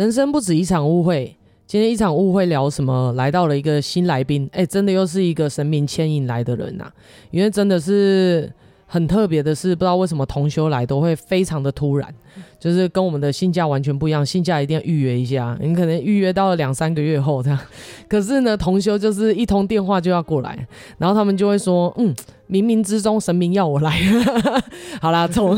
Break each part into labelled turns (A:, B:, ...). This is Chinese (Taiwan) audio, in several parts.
A: 人生不止一場誤會，今天一場誤會聊什麼？來到了一個新來賓，哎、欸，真的又是一個神明牽引來的人吶、啊，因為真的是。很特別的是，不知道為什麼同修來都會非常的突然，就是跟我們的性價完全不一樣，性價一定要預約一下，你可能預約到了兩三個月後這樣，可是呢，同修就是一通電話就要過來，然後他們就會說嗯，冥冥之中神明要我來， 好啦，從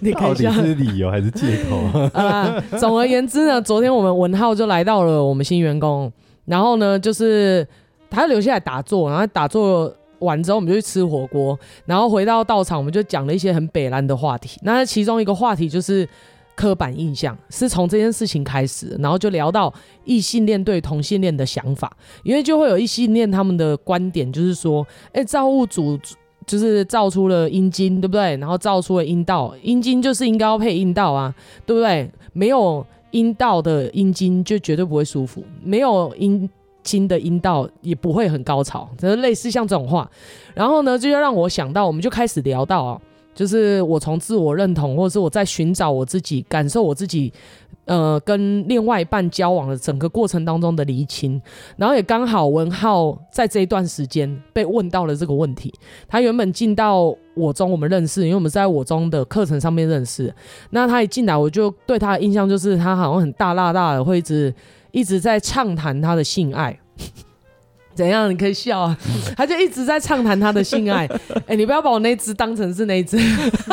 B: 你看到底是理由還是借口
A: 啊？總而言之呢，昨天我們文皓就來到了我們心元宮，然後呢，就是他要留下來打坐，然後打坐。完之後我們就去吃火鍋，然後回到道場我們就講了一些很北爛的話題。那其中一個話題就是刻板印象，是從這件事情開始，然後就聊到異性戀對同性戀的想法，因為就會有異性戀他們的觀點就是說，欸，造物主就是造出了陰莖，對不對？然後造出了陰道，陰莖就是應該要配陰道啊，對不對？沒有陰道的陰莖就絕對不會舒服，沒有陰。金的陰道也不會很高潮，只是類似像這種話。然後呢，就讓我想到，我們就開始聊到啊，就是我從自我認同，或者是我在尋找我自己，感受我自己，呃，跟另外一半交往的整個過程當中的釐清。然後也剛好文皓在這一段時間被問到了這個問題。他原本進到我宗，我們認識，因為我們是在我宗的課程上面認識。那他一進來，我就對他的印象就是他好像很大辣辣的，會一直。一直在暢談他的性愛， 怎樣？你可以笑啊！ 他就一直在暢談他的性愛。哎、 欸，你不要把我那只當成是那只，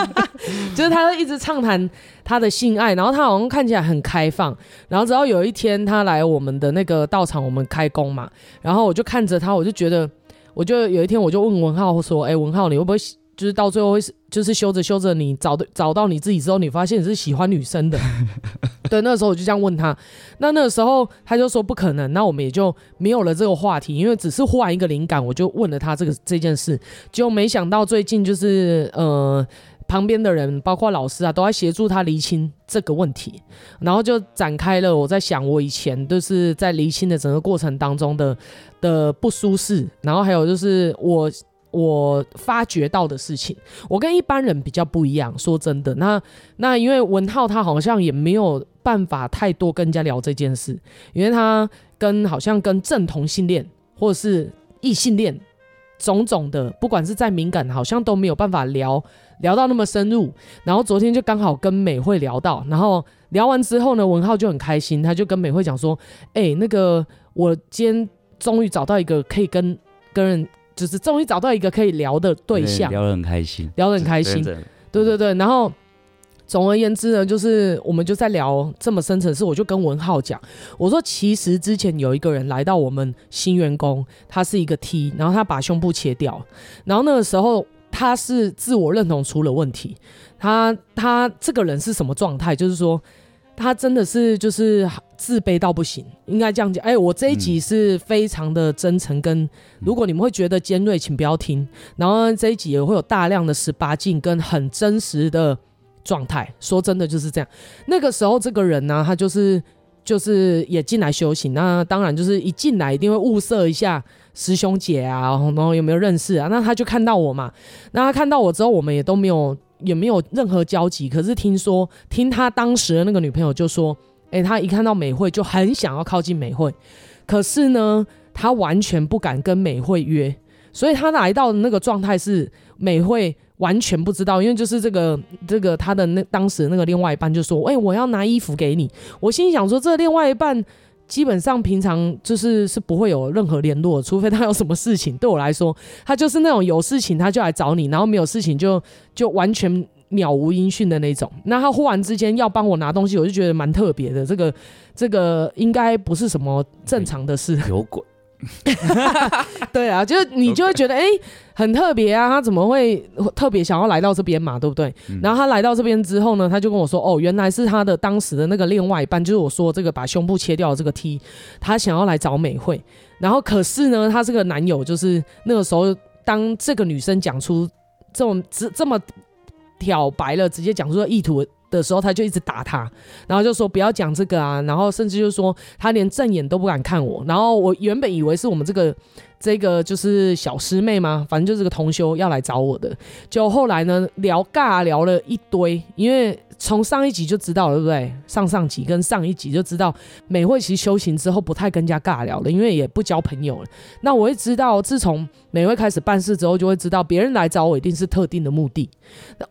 A: 就是他會一直暢談他的性愛。然後他好像看起來很開放。然後直到有一天，他來我們的那個道場，我們開工嘛。然後我就看着他，我就覺得，我就有一天，我就問文皓，說：“哎、欸，文皓，你會不會？”就是到最後會是，就是修着修着，你找的找到你自己之後，你發現你是喜歡女生的。 對，那個時候我就這樣問他，那那個時候他就說不可能，那我們也就沒有了這個話題，因為只是換一個靈感，我就問了他這個這件事，就沒想到最近就是呃，旁邊的人包括老師啊，都在協助他釐清這個問題，然後就展開了。我在想，我以前就是在釐清的整個過程當中的的不舒適，然後還有就是我。我發覺到的事情，我跟一般人比較不一樣。說真的，那那因為文皓他好像也沒有辦法太多跟人家聊這件事，因為他跟好像跟正同性戀或者是異性戀，種種的不管是在敏感，好像都沒有辦法聊聊到那麼深入。然後昨天就剛好跟美會聊到，然後聊完之後呢，文皓就很開心，他就跟美會講說：“誒、欸，那個我今天終於找到一個可以跟跟人。”就是終於找到一個可以聊的對象，對，聊
C: 得很開心，聊得很開心。對
A: 對對，對，對對，然後總而言之呢，就是我們就在聊這麼深層次。我就跟文皓講，我說其實之前有一個人來到我們心元宮，他是一個 T，然後他把胸部切掉，然後那個時候他是自我認同出了問題，他他這個人是什麼狀態？就是說。他真的是就是自卑到不行，應該這樣講。哎、欸，我這一集是非常的真誠、嗯，跟如果你們會覺得尖銳，請不要聽。然後這一集也會有大量的十八禁跟很真實的狀態。說真的就是這樣。那個時候這個人呢、啊，他就是就是也進來修行。那當然就是一進來一定會物色一下師兄姐啊，然後有沒有認識啊？那他就看到我嘛。那他看到我之後，我們也都沒有。也沒有任何交集，可是聽說聽他當時的那個女朋友就說，哎、欸，他一看到美會就很想要靠近美會，可是呢，他完全不敢跟美會約，所以他來到的那個狀態是美會完全不知道，因為就是這個這個他的那當時的那個另外一半就說，哎、欸，我要拿衣服給你，我心裡想說這另外一半。基本上平常就是是不會有任何聯絡，除非他有什麼事情。對我來說，他就是那種有事情他就來找你，然後沒有事情就就完全渺無音訊的那種。那他忽然之間要幫我拿東西，我就覺得蠻特別的。這個這個應該不是什麼正常的事。有鬼。 對啊，就是你就會覺得哎、okay. 欸，很特別啊，他怎麼會特別想要來到這邊嘛，對不對，嗯？然後他來到這邊之後呢，他就跟我說，哦，原來是他的當時的那個另外一半，就是我說這個把胸部切掉的這個 T，他想要來找美會。然後可是呢，他這個男友就是那個時候，當這個女生講出這麼這麼挑白了，直接講出的意圖。的時候他就一直打他，然後就說不要講這個啊，然後甚至就是說他連正眼都不敢看我，然後我原本以為是我們這個。這個就是小師妹嘛，反正就是個同修要來找我的。就後來呢，聊尬聊了一堆，因為從上一集就知道了，對不對？上上集跟上一集就知道，美會其實修行之後不太跟人家尬聊了，因為也不交朋友了。那我會知道，自從美會開始辦事之後，就會知道別人來找我一定是特定的目的。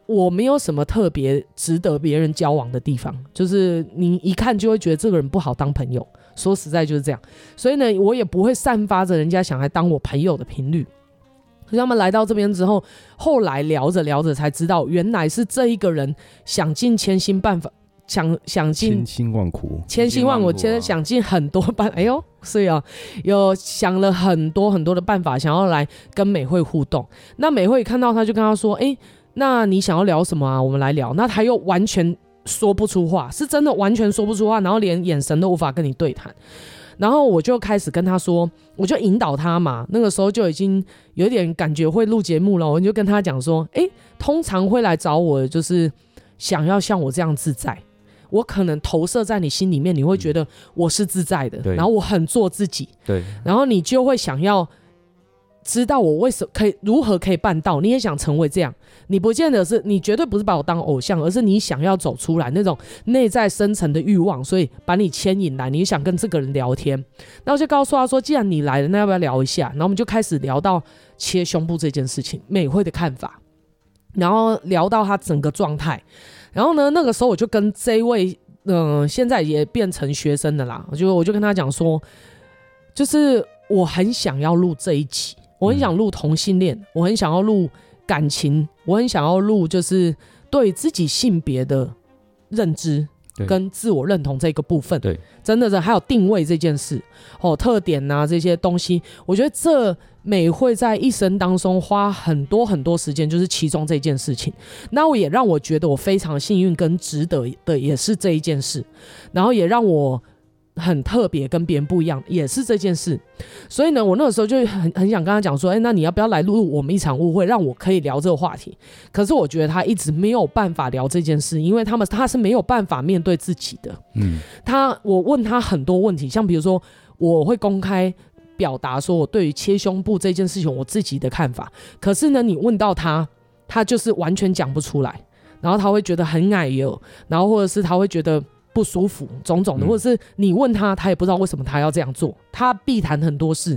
A: 我沒有什麼特別值得別人交往的地方，就是你一看就會覺得這個人不好當朋友。說實在就是這樣，所以呢，我也不會散發着人家想來當我朋友的頻率。可是他們來到這邊之後，後來聊着聊着才知道，原來是這一個人想盡千辛萬法，想想盡千
B: 辛萬苦，千
A: 辛萬苦，現在、啊、想盡很多辦法，哎呦，所以啊，有想了很多很多的辦法，想要來跟美會互動。那美會看到他就跟他說：“誒、欸，那你想要聊什麼啊？我們來聊。”那他又完全。說不出話，是真的完全說不出話，然後連眼神都無法跟你對談，然後我就開始跟他說，我就引導他嘛。那個時候就已經有點感覺會錄節目了，我就跟他講說，哎、欸，通常會來找我，就是想要像我這樣自在。我可能投射在你心裡面，嗯、你會覺得我是自在的，然後我很做自己，對，然後你就會想要。知道我為什麼可以如何可以辦到？你也想成為這樣？你不見得是，你絕對不是把我當偶像，而是你想要走出來那種內在深層的慾望，所以把你牽引來。你想跟這個人聊天，那我就告訴他說：“既然你來了，那要不要聊一下？”然後我們就開始聊到切胸部這件事情，美會的看法，然後聊到他整個狀態。然後呢，那個時候我就跟這位，嗯，現在也變成學生的啦，就我就跟他講說，就是我很想要錄這一集。我很想錄同性戀、嗯，我很想要錄感情，我很想要錄就是對自己性別的認知跟自我認同這個部分。對，對真的是還有定位這件事哦，特點吶、啊、這些東西，我覺得這美會在一生當中花很多很多時間，就是其中這件事情。那我也讓我覺得我非常幸運跟值得的也是這一件事，然後也讓我。很特別，跟別人不一樣，也是這件事。所以呢，我那個時候就很很想跟他講說，哎、欸，那你要不要來錄我們一場誤會，讓我可以聊這個話題？可是我覺得他一直沒有辦法聊這件事，因為他們他是沒有辦法面對自己的。嗯，他我問他很多問題，像比如說我會公開表達說我對於切胸部這件事情我自己的看法，可是呢，你問到他，他就是完全講不出來，然後他會覺得很矮喲，然後或者是他會覺得。不舒服，種種的，或者是你問他，他也不知道為什麼他要這樣做，他避談很多事，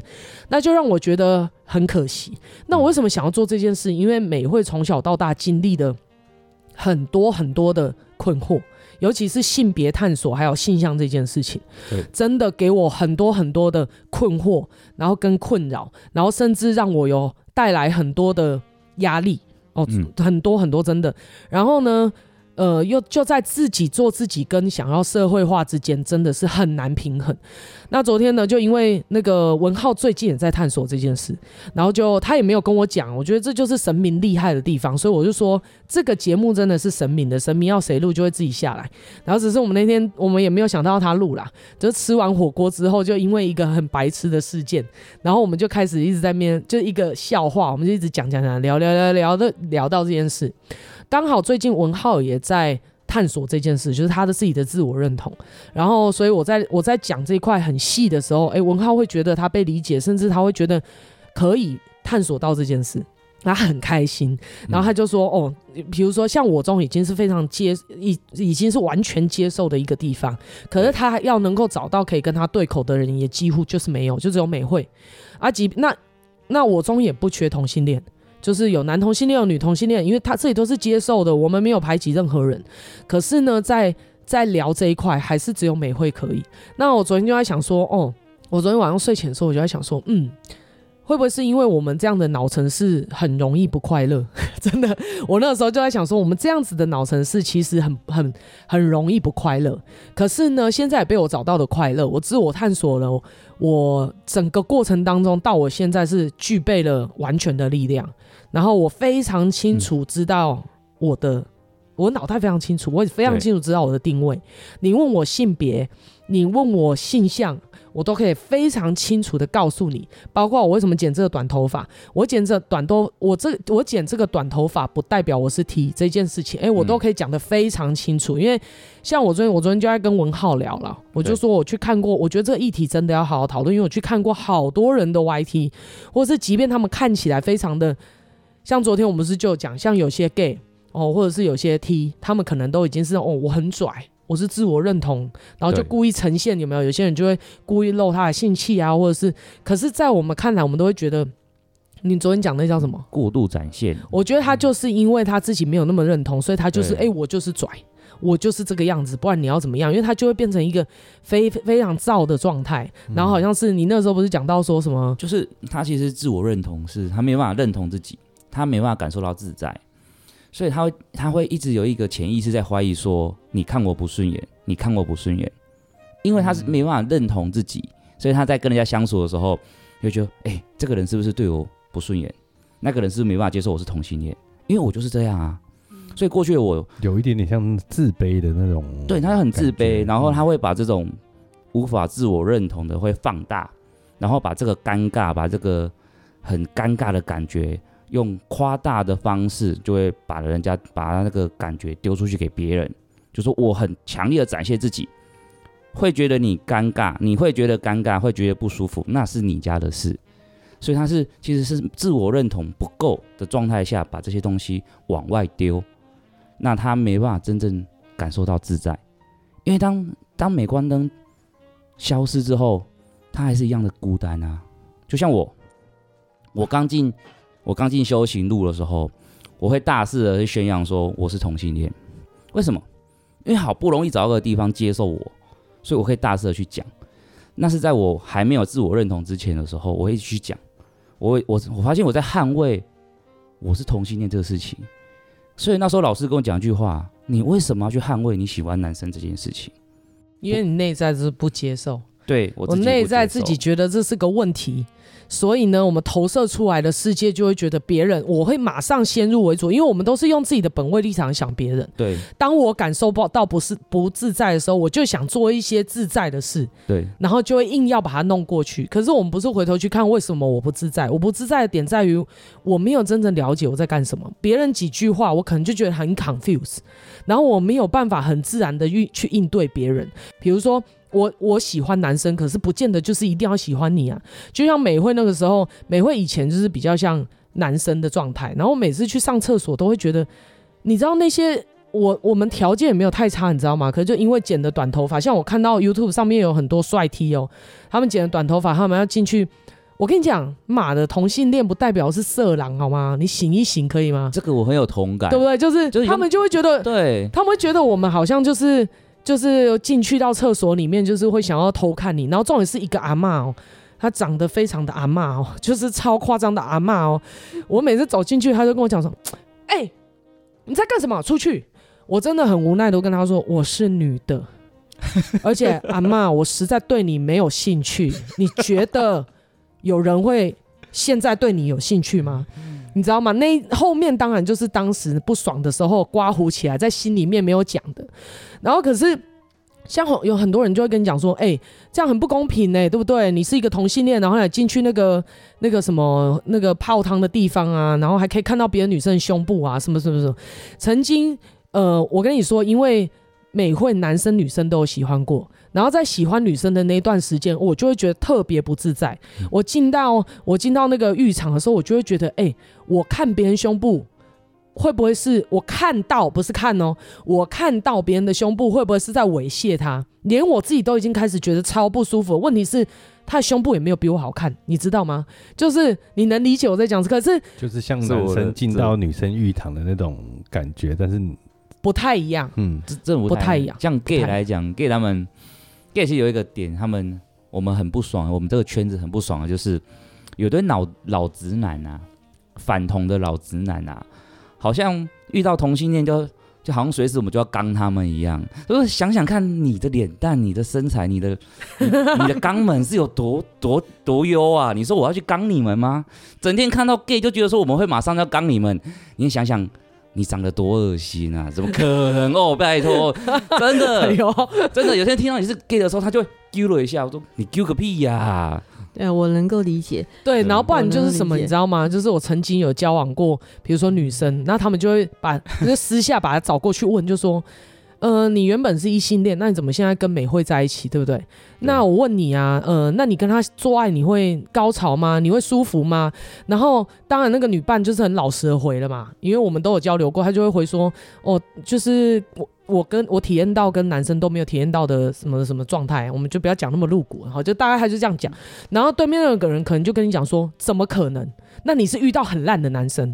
A: 那就讓我覺得很可惜。那我為什麼想要做這件事？因為美會從小到大經歷的很多很多的困惑，尤其是性別探索，還有性向這件事情，真的給我很多很多的困惑，然後跟困擾，然後甚至讓我有帶來很多的壓力哦，很多很多真的。然後呢？呃，又就在自己做自己跟想要社會化之間，真的是很難平衡。那昨天呢，就因為那個文皓最近也在探索這件事，然後就他也沒有跟我講，我覺得這就是神明厲害的地方，所以我就說這個節目真的是神明的，神明要誰錄就會自己下來。然後只是我們那天我們也沒有想到他錄啦，就是吃完火鍋之後，就因為一個很白痴的事件，然後我們就開始一直在面，就是一個笑話，我們就一直講講講，聊聊聊聊的聊到這件事。剛好最近文皓也在探索這件事，就是他的自己的自我認同。然後，所以我在我在講這一塊很細的時候，誒、欸，文皓會覺得他被理解，甚至他會覺得可以探索到這件事，他很開心。然後他就說：“嗯、哦，比如說像我宗已經是非常接已已經是完全接受的一個地方，可是他要能夠找到可以跟他對口的人，也幾乎就是沒有，就只有美會。啊，幾那那我宗也不缺同性戀。”就是有男同性戀，有女同性戀，因為他這裡都是接受的，我們沒有排擠任何人。可是呢，在在聊這一塊，還是只有美會可以。那我昨天就在想說，哦，我昨天晚上睡前的時候，我就在想說，嗯，會不會是因為我們這樣的腦城市很容易不快樂？真的，我那個時候就在想說，我們這樣子的腦城市其實很很很容易不快樂。可是呢，現在也被我找到的快樂。我自我探索了，我整個過程當中到我現在是具備了完全的力量。然後我非常清楚知道我的，嗯、我腦袋非常清楚，我也非常清楚知道我的定位。你問我性別，你問我性向，我都可以非常清楚的告訴你。包括我為什麼剪這個短頭髮，我剪這短我這我剪這個短頭髮不代表我是 T 這件事情，哎、欸，我都可以講的非常清楚。嗯、因為像我昨天，我昨天就在跟文皓聊了，我就說我去看過，我覺得這個議題真的要好好討論。因為我去看過好多人的 YT，或是即便他們看起來非常的。像昨天我們不是就講，像有些 gay 哦，或者是有些 T，他們可能都已經是哦，我很拽，我是自我認同，然後就故意呈現，有沒有？有些人就會故意露他的性器啊，或者是，可是，在我們看來，我們都會覺得，你昨天講那叫什麼
C: 過度展現？
A: 我覺得他就是因為他自己沒有那麼認同，嗯、所以他就是哎、欸，我就是拽，我就是這個樣子，不然你要怎麼樣？因為他就會變成一個非非常躁的狀態、嗯，然後好像是你那時候不是講到說什麼？就是
C: 他其實自我認同是他沒有辦法認同自己。他沒辦法感受到自在，所以他會他會一直有一個潛意識在懷疑說：“你看我不順眼，你看我不順眼。”因為他是沒辦法認同自己，所以他在跟人家相處的時候，就覺得：“哎，這個人是不是對我不順眼？那個人是不是沒辦法接受我是同性戀？因為我就是這樣啊。”所以過去我有一點點像自卑的那種，對，他很自卑，然後他會把這種無法自我認同的會放大，然後把這個尷尬，把這個很尷尬的感覺。用誇大的方式，就會把人家把那個感覺丟出去給別人，就是說我很強烈的展現自己，會覺得你尷尬，你會覺得尷尬，會覺得不舒服，那是你家的事。所以他是其實是自我認同不夠的狀態下，把這些東西往外丟，那他沒辦法真正感受到自在，因為當當鎂光燈消失之後，他還是一樣的孤單啊。就像我，我剛進。我剛進修行路的時候，我會大肆的去宣揚說我是同性戀。為什麼？因為好不容易找到個地方接受我，所以我可以大肆的去講。那是在我還沒有自我認同之前的時候，我會去講。我我我發現我在捍衛我是同性戀這個事情。所以那時候老師跟我講一句話：你為什麼要去捍衛你喜歡男生這件事情？
A: 因為你內在是不接受。
C: 對，我內在自己覺
A: 得這是個問題，所以呢，我們投射出來的世界就會覺得別人，我會馬上先入為主，因為我們都是用自己的本位立場想別人。對，當我感受不到不是不自在的時候，我就想做一些自在的事。對，然後就會硬要把它弄過去。可是我們不是回頭去看為什麼我不自在？我不自在的點在於我沒有真正了解我在幹什麼。別人幾句話，我可能就覺得很 confuse，然後我沒有辦法很自然的去去應對別人，比如說。我我喜歡男生，可是不見得就是一定要喜歡你啊。就像美會那個時候，美會以前就是比較像男生的狀態，然後每次去上廁所都會覺得，你知道那些我我們條件也沒有太差，你知道嗎？可是就因為剪的短頭髮，像我看到 YouTube 上面有很多帥 T 哦，他們剪的短頭髮，他們要進去。我跟你講，馬的，同性戀不代表是色狼好嗎？你醒一醒可以嗎？這個我很有同感，對不對？就是就他們就會覺得，對，他們會覺得我們好像就是。就是進去到廁所裡面，就是會想要偷看你。然後重點是一個阿嬤哦，她長得非常的阿嬤哦，就是超誇張的阿嬤哦。我每次走進去，她就跟我講說：“哎、欸，你在幹什麼？出去！”我真的很無奈都跟她說：“我是女的，而且阿嬤，我實在對你沒有興趣。你覺得有人會現在對你有興趣嗎？”你知道嗎？那後面當然就是當時不爽的時候，刮鬍起來，在心裡面沒有講的。然後可是，像有很多人就會跟你講說：“欸，這樣很不公平欸，對不對？你是一個同性戀，然後還進去那個那個什麼那個泡湯的地方啊，然後還可以看到別的女生的胸部啊，什麼什麼什麼。”曾經，呃，我跟你說，因為美會男生女生都有喜歡過。然後在喜歡女生的那一段時間，我就會覺得特別不自在。嗯、我進到我進到那個浴場的時候，我就會覺得，哎、欸，我看別人胸部，會不會是我看到，不是看哦，我看到別人的胸部會不會是在猥褻她？連我自己都已經開始覺得超不舒服。問題是她的胸部也沒有比我好看，你知道嗎？就是你能理解我在講？可是
C: 就是像男生進到
B: 女生浴場的那種感覺，但是
A: 不太一樣，嗯，這，這不太，不太一樣。像 gay 來
C: 講，gay 他們。也是有一個點，他們我們很不爽，我們這個圈子很不爽的就是有對老老直男吶、啊，反同的老直男吶、啊，好像遇到同性戀就就好像隨時我們就要剛他們一樣。就是想想看，你的臉蛋、你的身材、你的你，你的肛門是有多多多優啊？你說我要去剛你們嗎？整天看到 gay 就覺得說我們會馬上要剛你們，你想想。你長得多噁心啊！怎麼可能哦？拜托， 真的， 哎、真的，有些人聽到你是 gay 的時候，他就揪了一下。我說你揪個屁呀、
A: 啊啊！對，我能夠理解。對，然後不然就是什麼，你知道嗎？就是我曾經有交往過，比如說女生，然後他們就會把就是、私下把他找過去問， 就說。呃，你原本是異性戀，那你怎麼現在跟美會在一起，對不對，對？那我問你啊，呃，那你跟他做愛你會高潮嗎？你會舒服嗎？然後，當然那個女伴就是很老實的回了嘛，因為我們都有交流過，她就會回說，哦，就是我我跟我體驗到跟男生都沒有體驗到的什麼什麼狀態，我們就不要講那麼露骨，好，就大概他就這樣講，嗯。然後對面那個人可能就跟你講說，怎麼可能？那你是遇到很爛的男生，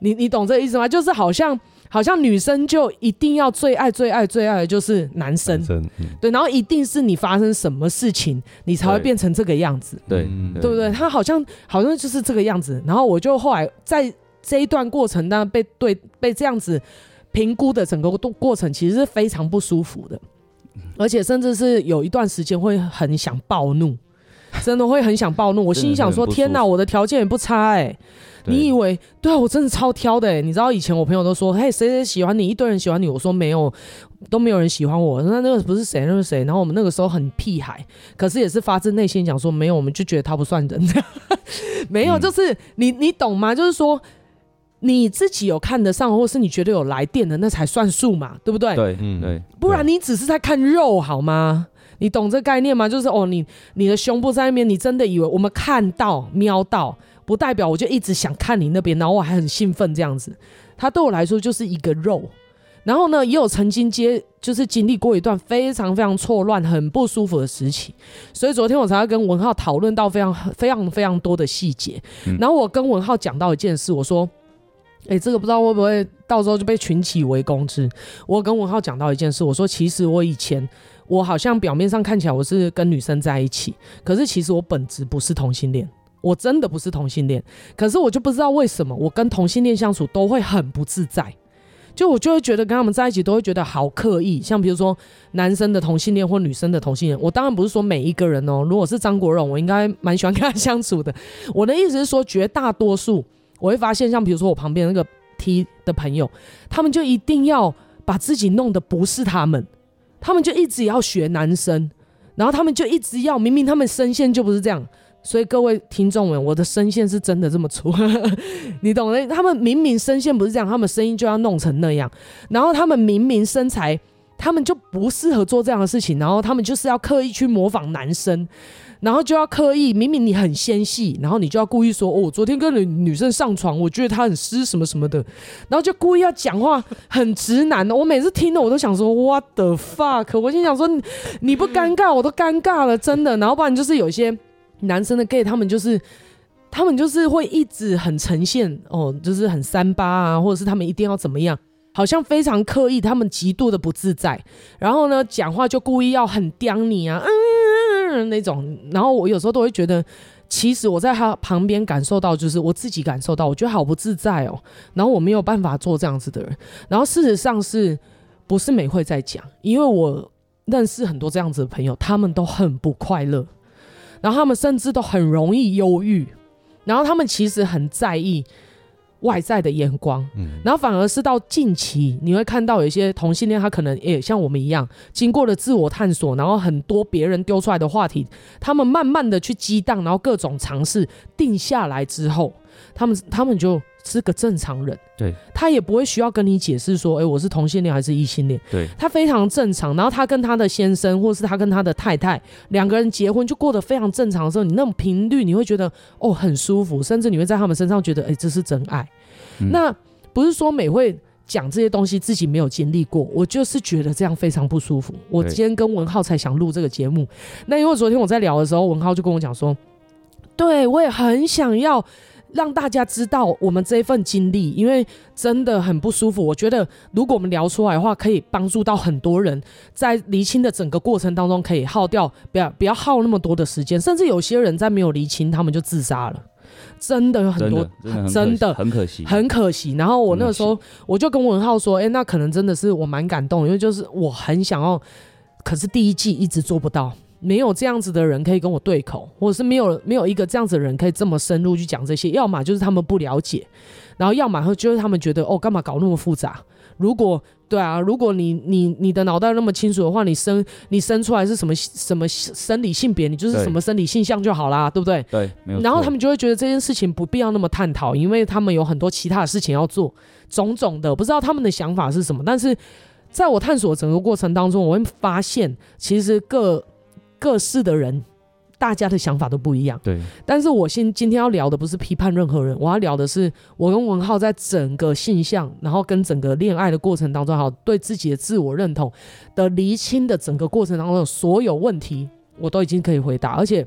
A: 你你懂這意思嗎？就是好像。好像女生就一定要最愛最愛最愛的就是男生，男生，嗯，對，然後一定是你發生什麼事情，你才會變成這個樣子，
C: 對，對，對不
A: 對？他好像好像就是這個樣子。然後我就後來在這一段過程當中被對被這樣子評估的整個過程，其實是非常不舒服的，而且甚至是有一段時間會很想暴怒，真的會很想暴怒。我心裡想說：天哪，我的條件也不差哎，欸。你以為對啊，我真的超挑的，你知道以前我朋友都說，嘿，誰誰喜歡你，一堆人喜歡你，我說沒有，都沒有人喜歡我。那那個不是誰，那是誰？然後我們那個時候很屁孩，可是也是發自內心講說沒有，我們就覺得他不算人。呵呵沒有，嗯，就是你你懂嗎？就是說你自己有看得上，或是你覺得有來電的，那才算數嘛，對不對？對，嗯，對。不然你只是在看肉好嗎？你懂這個概念嗎？就是哦，你你的胸部在那邊，你真的以為我們看到瞄到不代表我就一直想看你那邊，然後我還很興奮這樣子。他對我來說就是一個肉。然後呢，也有曾經接，就是經歷過一段非常非常錯亂、很不舒服的時期。所以昨天我才跟文皓討論到非常非常非常多的細節、嗯。然後我跟文皓講到一件事，我說：“哎、欸，這個不知道會不會到時候就被群起圍攻？”之，我跟文皓講到一件事，我說：“其實我以前，我好像表面上看起來我是跟女生在一起，可是其實我本質不是同性戀。”我真的不是同性戀，可是我就不知道為什麼我跟同性戀相處都會很不自在，就我就會覺得跟他們在一起都會覺得好刻意。像比如說男生的同性戀或女生的同性戀，我當然不是說每一個人哦。如果是張國榮，我應該蠻喜歡跟他相處的。我的意思是說，絕大多數我會發現，像比如說我旁邊那個 T 的朋友，他們就一定要把自己弄得不是他們，他們就一直也要學男生，然後他們就一直要，明明他們聲線就不是這樣。.所以各位聽眾們，我的聲線是真的這麼粗， 你懂的。他們明明聲線不是這樣，他們聲音就要弄成那樣。然後他們明明身材，他們就不適合做這樣的事情。然後他們就是要刻意去模仿男生，然後就要刻意，明明你很纖細，然後你就要故意說哦，昨天跟女女生上床，我覺得她很濕什麼什麼的，然後就故意要講話很直男的。我每次聽了我都想說 what the fuck，我心想說你，你不尷尬我都尷尬了，真的。然後不然就是有些。男生的 gay，他們就是，他們就是會一直很呈現哦，就是很三八啊，或者是他們一定要怎麼樣，好像非常刻意，他們極度的不自在，然後呢，講話就故意要很嗲你啊嗯，嗯，那種。然後我有時候都會覺得，其實我在他旁邊感受到，就是我自己感受到，我覺得好不自在哦。然後我沒有辦法做這樣子的人。然後事實上是，不是美會在講，因為我認識很多這樣子的朋友，他們都很不快樂。然後他們甚至都很容易憂鬱，然後他們其實很在意外在的眼光，嗯，然後反而是到近期，你會看到有一些同性戀，他可能也像我們一樣，經過了自我探索，然後很多別人丟出來的話題，他們慢慢的去激盪，然後各種嘗試定下來之後，他們他們就。是個正常人，對他也不會需要跟你解釋說，哎、欸，我是同性戀還是異性戀，對他非常正常。然後他跟他的先生，或是他跟他的太太，兩個人結婚就過得非常正常的時候，你那種頻率，你會覺得哦很舒服，甚至你會在他們身上覺得，哎、欸，這是真愛。嗯、那不是說美會講這些東西自己沒有經歷過，我就是覺得這樣非常不舒服。我今天跟文皓才想錄這個節目，那因為昨天我在聊的時候，文皓就跟我講說，對我也很想要。讓大家知道我們這一份經歷，因為真的很不舒服。我覺得如果我們聊出來的話，可以幫助到很多人，在釐清的整個過程當中，可以耗掉不要，不要耗那麼多的時間。甚至有些人在沒有釐清，他們就自殺了。真的有很多真真很，真的，很可惜，很可惜。然後我那個時候，我就跟文皓說：“哎、欸，那可能真的是我蠻感動，因為就是我很想要，可是第一季一直做不到。”沒有這樣子的人可以跟我對口，或者是沒有沒有一個這樣子的人可以這麼深入去講這些，要麼就是他們不了解，然後要麼就是他們覺得哦幹嘛搞那麼複雜？如果對啊，如果你你你的腦袋那麼清楚的話，你生你生出來是什麼什麼生理性別，你就是什麼生理現象就好啦，對，對不對？對，沒有錯。然後他們就會覺得這件事情不必要那麼探討，因為他們有很多其他的事情要做，種種的不知道他們的想法是什麼。但是在我探索整個過程當中，我會發現其實各。各式的人，大家的想法都不一樣。對，但是我今今天要聊的不是批判任何人，我要聊的是我跟文皓在整個性向，然後跟整個戀愛的過程當中，好，對自己的自我認同的釐清的整個過程當中，所有問題我都已經可以回答，而且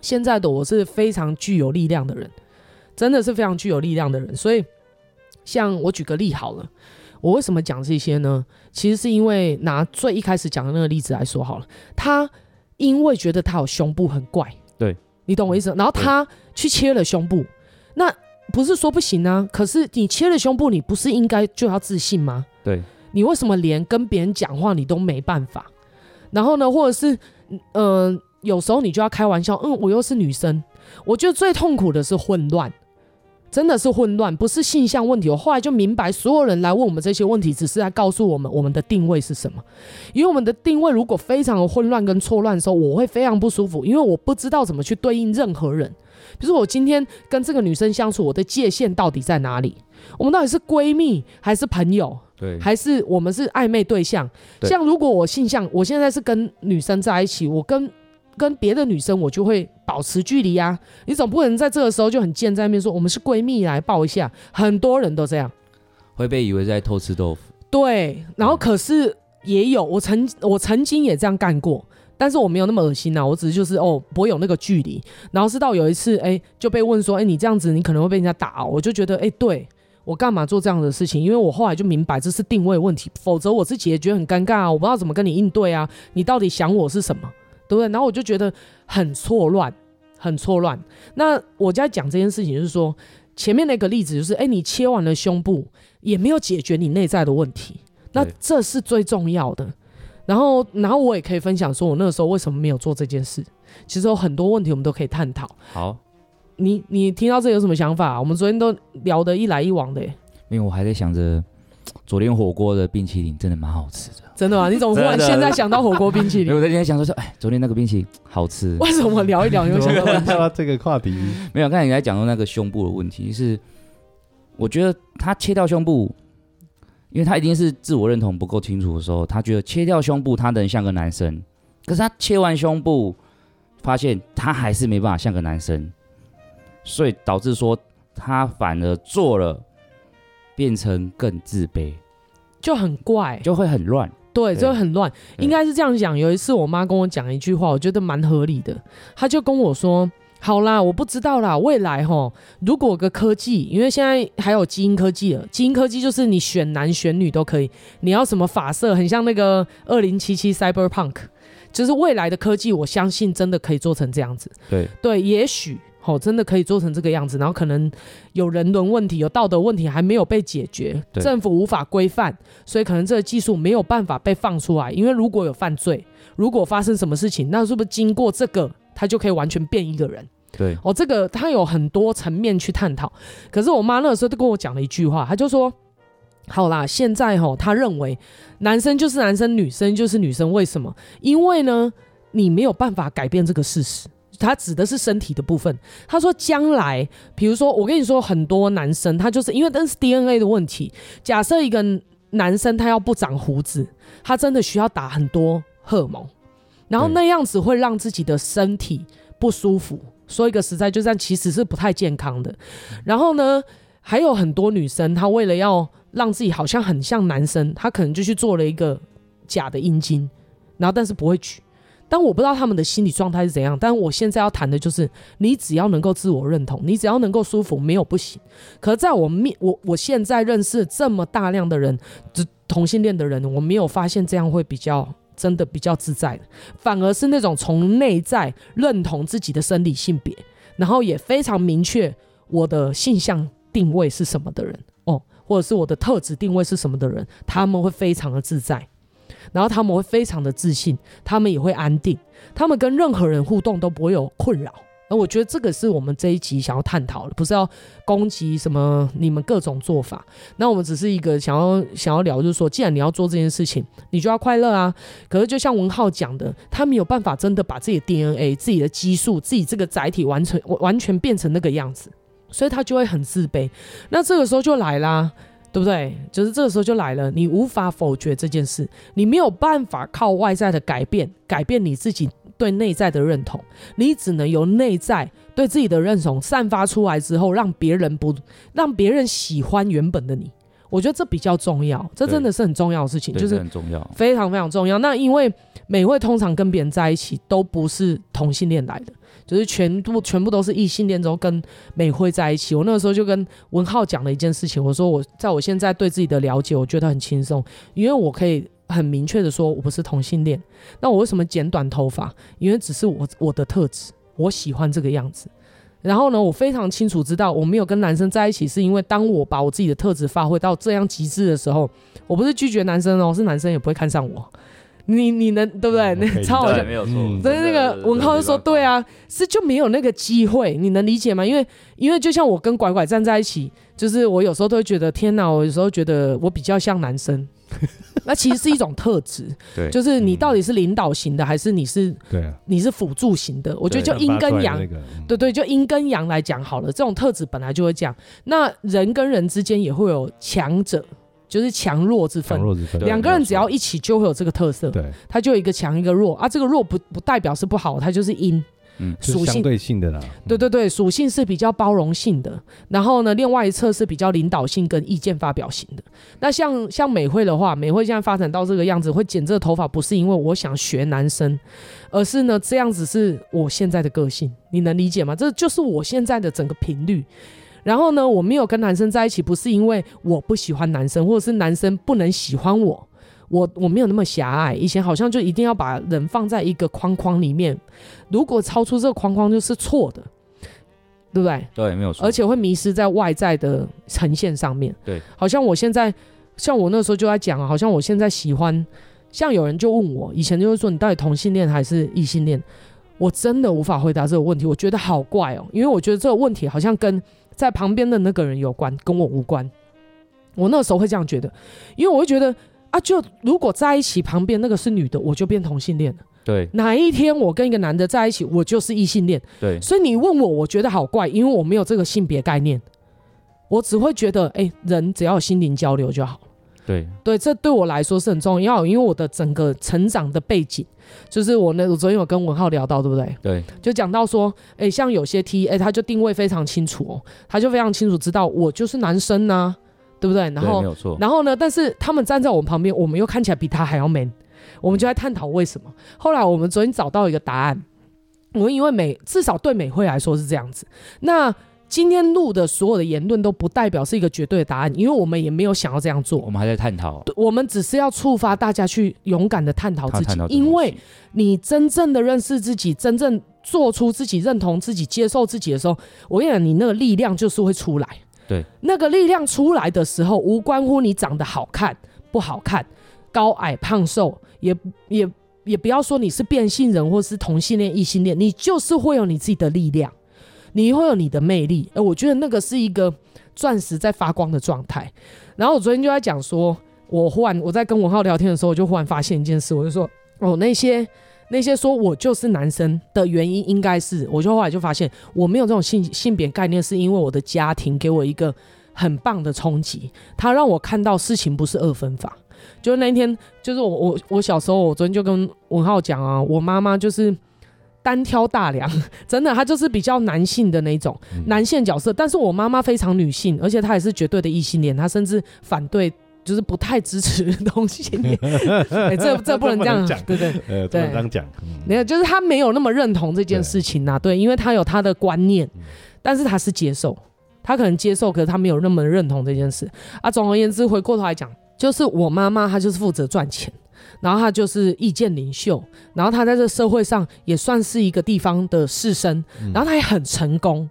A: 現在的我是非常具有力量的人，真的是非常具有力量的人。所以，像我舉個例好了，我為什麼講這些呢？其實是因為拿最一開始講的那個例子來說好了，他。因為覺得他有胸部很怪，對，你懂我意思。然後他去切了胸部，那不是說不行啊，可是你切了胸部，你不是應該就要自信嗎？對，你為什麼連跟別人講話你都沒辦法？然後呢，或者是，嗯、呃，有時候你就要開玩笑，嗯，我又是女生，我覺得最痛苦的是混亂。真的是混亂，不是性向問題。我後來就明白，所有人來問我們這些問題，只是來告訴我們我們的定位是什麼。因為我們的定位如果非常的混亂跟錯亂的時候，我會非常不舒服，因為我不知道怎麼去對應任何人。比如說我今天跟這個女生相處，我的界限到底在哪裡？我們到底是閨蜜還是朋友？對，還是我們是曖昧對象對？像如果我性向，我現在是跟女生在一起，我跟。跟別的女生，我就會保持距離呀。你總不能在這個時候就很賤，在那邊說我們是閨蜜來抱一下。很多人都這樣，
C: 會被以為在偷吃豆腐。
A: 對，然後可是也有我曾我曾經也這樣幹過，但是我沒有那麼噁心吶、啊，我只是就是哦，我有那個距離。然後直到有一次，哎，就被問說，哎，你這樣子，你可能會被人家打哦。我就覺得，哎，對我幹嘛做這樣的事情？因為我後來就明白這是定位問題，否則我自己也覺得很尷尬啊，我不知道怎麼跟你應對啊。你到底想我是什麼？對不對？然後我就覺得很錯亂，很錯亂。那我在講這件事情，就是說前面那個例子，就是哎，你切完了胸部，也沒有解決你內在的問題。那這是最重要的。然後，然後我也可以分享，說我那個時候為什麼沒有做這件事。其實有很多問題，我們都可以探討。好，你你聽到這有什麼想法啊？我們昨天都聊得一來一往的。因
C: 為我還在想着。昨天火鍋的冰淇淋真的
A: 蠻好吃的， 真的嗎？你怎麼突然現在想到火鍋冰淇淋？
C: 我在今天想說說，哎，昨天那個冰淇淋好吃。
A: 為什麼我聊一聊又想到
C: 這個話題？ 沒有，剛才你在講到那個胸部的問題是，我覺得他切掉胸部，因為他一定是自我認同不夠清楚的時候，他覺得切掉胸部，他能像個男生。可是他切完胸部，發現他還是沒辦法像個男生，所以導致說他反而做了。變成更自卑，
A: 就很怪、欸，就會很亂。對，就會很亂。應該是這樣講。有一次，我媽跟我講一句話，我覺得蠻合理的。她就跟我說：“好啦，我不知道啦，未來齁，如果個科技，因為現在還有基因科技了，基因科技就是你選男選女都可以，你要什麼髮色，很像那個2077 Cyberpunk，就是未來的科技，我相信真的可以做成這樣子。對，對，也許。”哦，真的可以做成這個樣子，然後可能有人倫問題、有道德問題還沒有被解決，政府無法規範，所以可能這個技術沒有辦法被放出來。因為如果有犯罪，如果發生什麼事情，那是不是經過這個，他就可以完全變一個人？對，哦，這個他有很多層面去探討。可是我媽那時候都跟我講了一句話，她就說：“好啦，現在哦，她認為男生就是男生，女生就是女生，為什麼？因為呢，你沒有辦法改變這個事實。”他指的是身體的部分。他說將來，比如說，我跟你說，很多男生他就是因為那是 DNA 的問題。假設一個男生他要不長鬍子，他真的需要打很多荷爾蒙，然後那樣子會讓自己的身體不舒服。說一個實在，就算其實是不太健康的。然後呢，還有很多女生她為了要讓自己好像很像男生，她可能就去做了一個假的陰莖，然後但是不會舉。但我不知道他們的心理狀態是怎樣。但我現在要談的就是，你只要能夠自我認同，你只要能夠舒服，沒有不行。可是在我面，我我現在認識這麼大量的人，同性戀的人，我沒有發現這樣會比較真的比較自在，反而是那種從內在認同自己的生理性別，然後也非常明確我的性向定位是什麼的人，哦，或者是我的特質定位是什麼的人，他們會非常的自在。然後他們會非常的自信，他們也會安定，他們跟任何人互動都不會有困擾。而我覺得這個是我們這一集想要探討的，不是要攻擊什麼你們各種做法。那我們只是一個想要想要聊，就是說，既然你要做這件事情，你就要快樂啊。可是就像文皓講的，他沒有辦法真的把自己的 DNA、自己的激素、自己這個載體完成完全變成那個樣子，所以他就會很自卑。那這個時候就來啦。對不對？就是這個時候就來了，你無法否決這件事，你沒有辦法靠外在的改變改變你自己對內在的認同，你只能由內在對自己的認同散發出來之後，讓別人不，讓別人喜歡原本的你。我覺得這比較重要，這真的是很重要的事情，就是很重要，非常非常重要。那很重要。那因為美會通常跟別人在一起都不是同性戀來的。就是全部全部都是異性戀之後跟美會在一起，我那個時候就跟文皓講了一件事情，我說，我在我現在對自己的了解，我覺得很輕鬆，因為我可以很明確的說，我不是同性戀。那我為什麼剪短頭髮？因為只是我我的特質，我喜歡這個樣子。然後呢，我非常清楚知道，我沒有跟男生在一起，是因為當我把我自己的特質發揮到這樣極致的時候，我不是拒絕男生哦、喔，是男生也不會看上我。你你能對不對？那、okay, 超好笑，沒有錯。所以那個文皓就說：“對啊、嗯，是就沒有那個機會，你能理解嗎？因為因為就像我跟拐拐站在一起，就是我有時候都會覺得，天哪！我有時候覺得我比較像男生， 那其實是一種特質。 就是你到底是領導型的，還是你是對、啊，你是輔助型的？我覺得就陰跟陽，對，那個嗯、對，對對，就陰跟陽來講好了。這種特質本來就會講，那人跟人之間也會有強者。”就是強弱之分，兩個人只要一起就會有這個特色，對，他就一個強一個弱啊。這個弱不不代表是不好，它就是陰，
B: 屬性，嗯，相對性的啦。嗯、
A: 對對對，屬性是比較包容性的，然後呢，另外一側是比較領導性跟意見發表型的。那像像美會的話，美會現在發展到這個樣子，會剪這個頭髮不是因為我想學男生，而是呢這樣子是我現在的個性，你能理解嗎？這就是我現在的整個頻率。然後呢，我沒有跟男生在一起，不是因為我不喜歡男生，或者是男生不能喜歡我，我我沒有那麼狹隘。以前好像就一定要把人放在一個框框裡面，如果超出這個框框就是錯的，對不對？對，沒有錯。而且會迷失在外在的呈現上面。對，好像我現在，像我那時候就在講啊，好像我現在喜歡，像有人就問我，以前就是說，你到底同性戀還是異性戀？我真的無法回答這個問題，我覺得好怪哦，因為我覺得這個問題好像跟在旁邊的那個人有關，跟我無關。我那時候會這樣覺得，因為我會覺得啊，就如果在一起旁邊那個是女的，我就變同性戀了。對，哪一天我跟一個男的在一起，我就是異性戀。對，所以你問我，我覺得好怪，因為我沒有這個性別概念，我只會覺得，欸，人只要有心靈交流就好。對對，這對我來說是很重要，因為我的整個成長的背景，就是我那我昨天有跟文皓聊到，對不對？對，就講到說，哎，像有些 T，哎，他就定位非常清楚哦，他就非常清楚知道我就是男生吶、啊，對不對？然後沒有錯，然後呢，但是他們站在我們旁邊，我們又看起來比他還要 man，我們就在探討為什麼。後來我們昨天找到一個答案，我們因為美，至少對美會來說是這樣子。那。今天錄的所有的言論都不代表是一個絕對的答案，因為我們也沒有想要這樣做。我們還在探討。對，我們只是要觸發大家去勇敢的探討自己，因為你真正的認識自己，真正做出自己，認同自己、接受自己的時候，我跟你講，你那個力量就是會出來。對，那個力量出來的時候，無關乎你長得好看不好看，高矮胖瘦，也也也不要說你是變性人或是同性戀、異性戀，你就是會有你自己的力量。你會有你的魅力，哎、呃，我覺得那個是一個鑽石在發光的狀態。然後我昨天就在講說，我忽然我在跟文皓聊天的時候，我就忽然發現一件事，我就說，哦，那些那些說我就是男生的原因，應該是，我就後來就發現我沒有這種性性別概念，是因為我的家庭給我一個很棒的衝擊，他讓我看到事情不是二分法。就那一天，就是我我我小時候，我昨天就跟文皓講啊，我媽媽就是。單挑大梁，真的，他就是比較男性的那種、嗯、男性角色。但是我媽媽非常女性，而且她也是絕對的異性戀，她甚至反對，就是不太支持同性戀、 欸。這這不能這樣講， 對對對，呃、不能這樣講、嗯。沒有，就是他沒有那麼認同這件事情吶、啊，對，因為他有他的觀念，啊、但是他是接受，他可能接受，可是他沒有那麼認同這件事。啊，總而言之，回過頭來講，就是我媽媽，她就是負責賺錢。然後他就是意見領袖，然後他在這社會上也算是一個地方的士紳，嗯，然後他也很成功。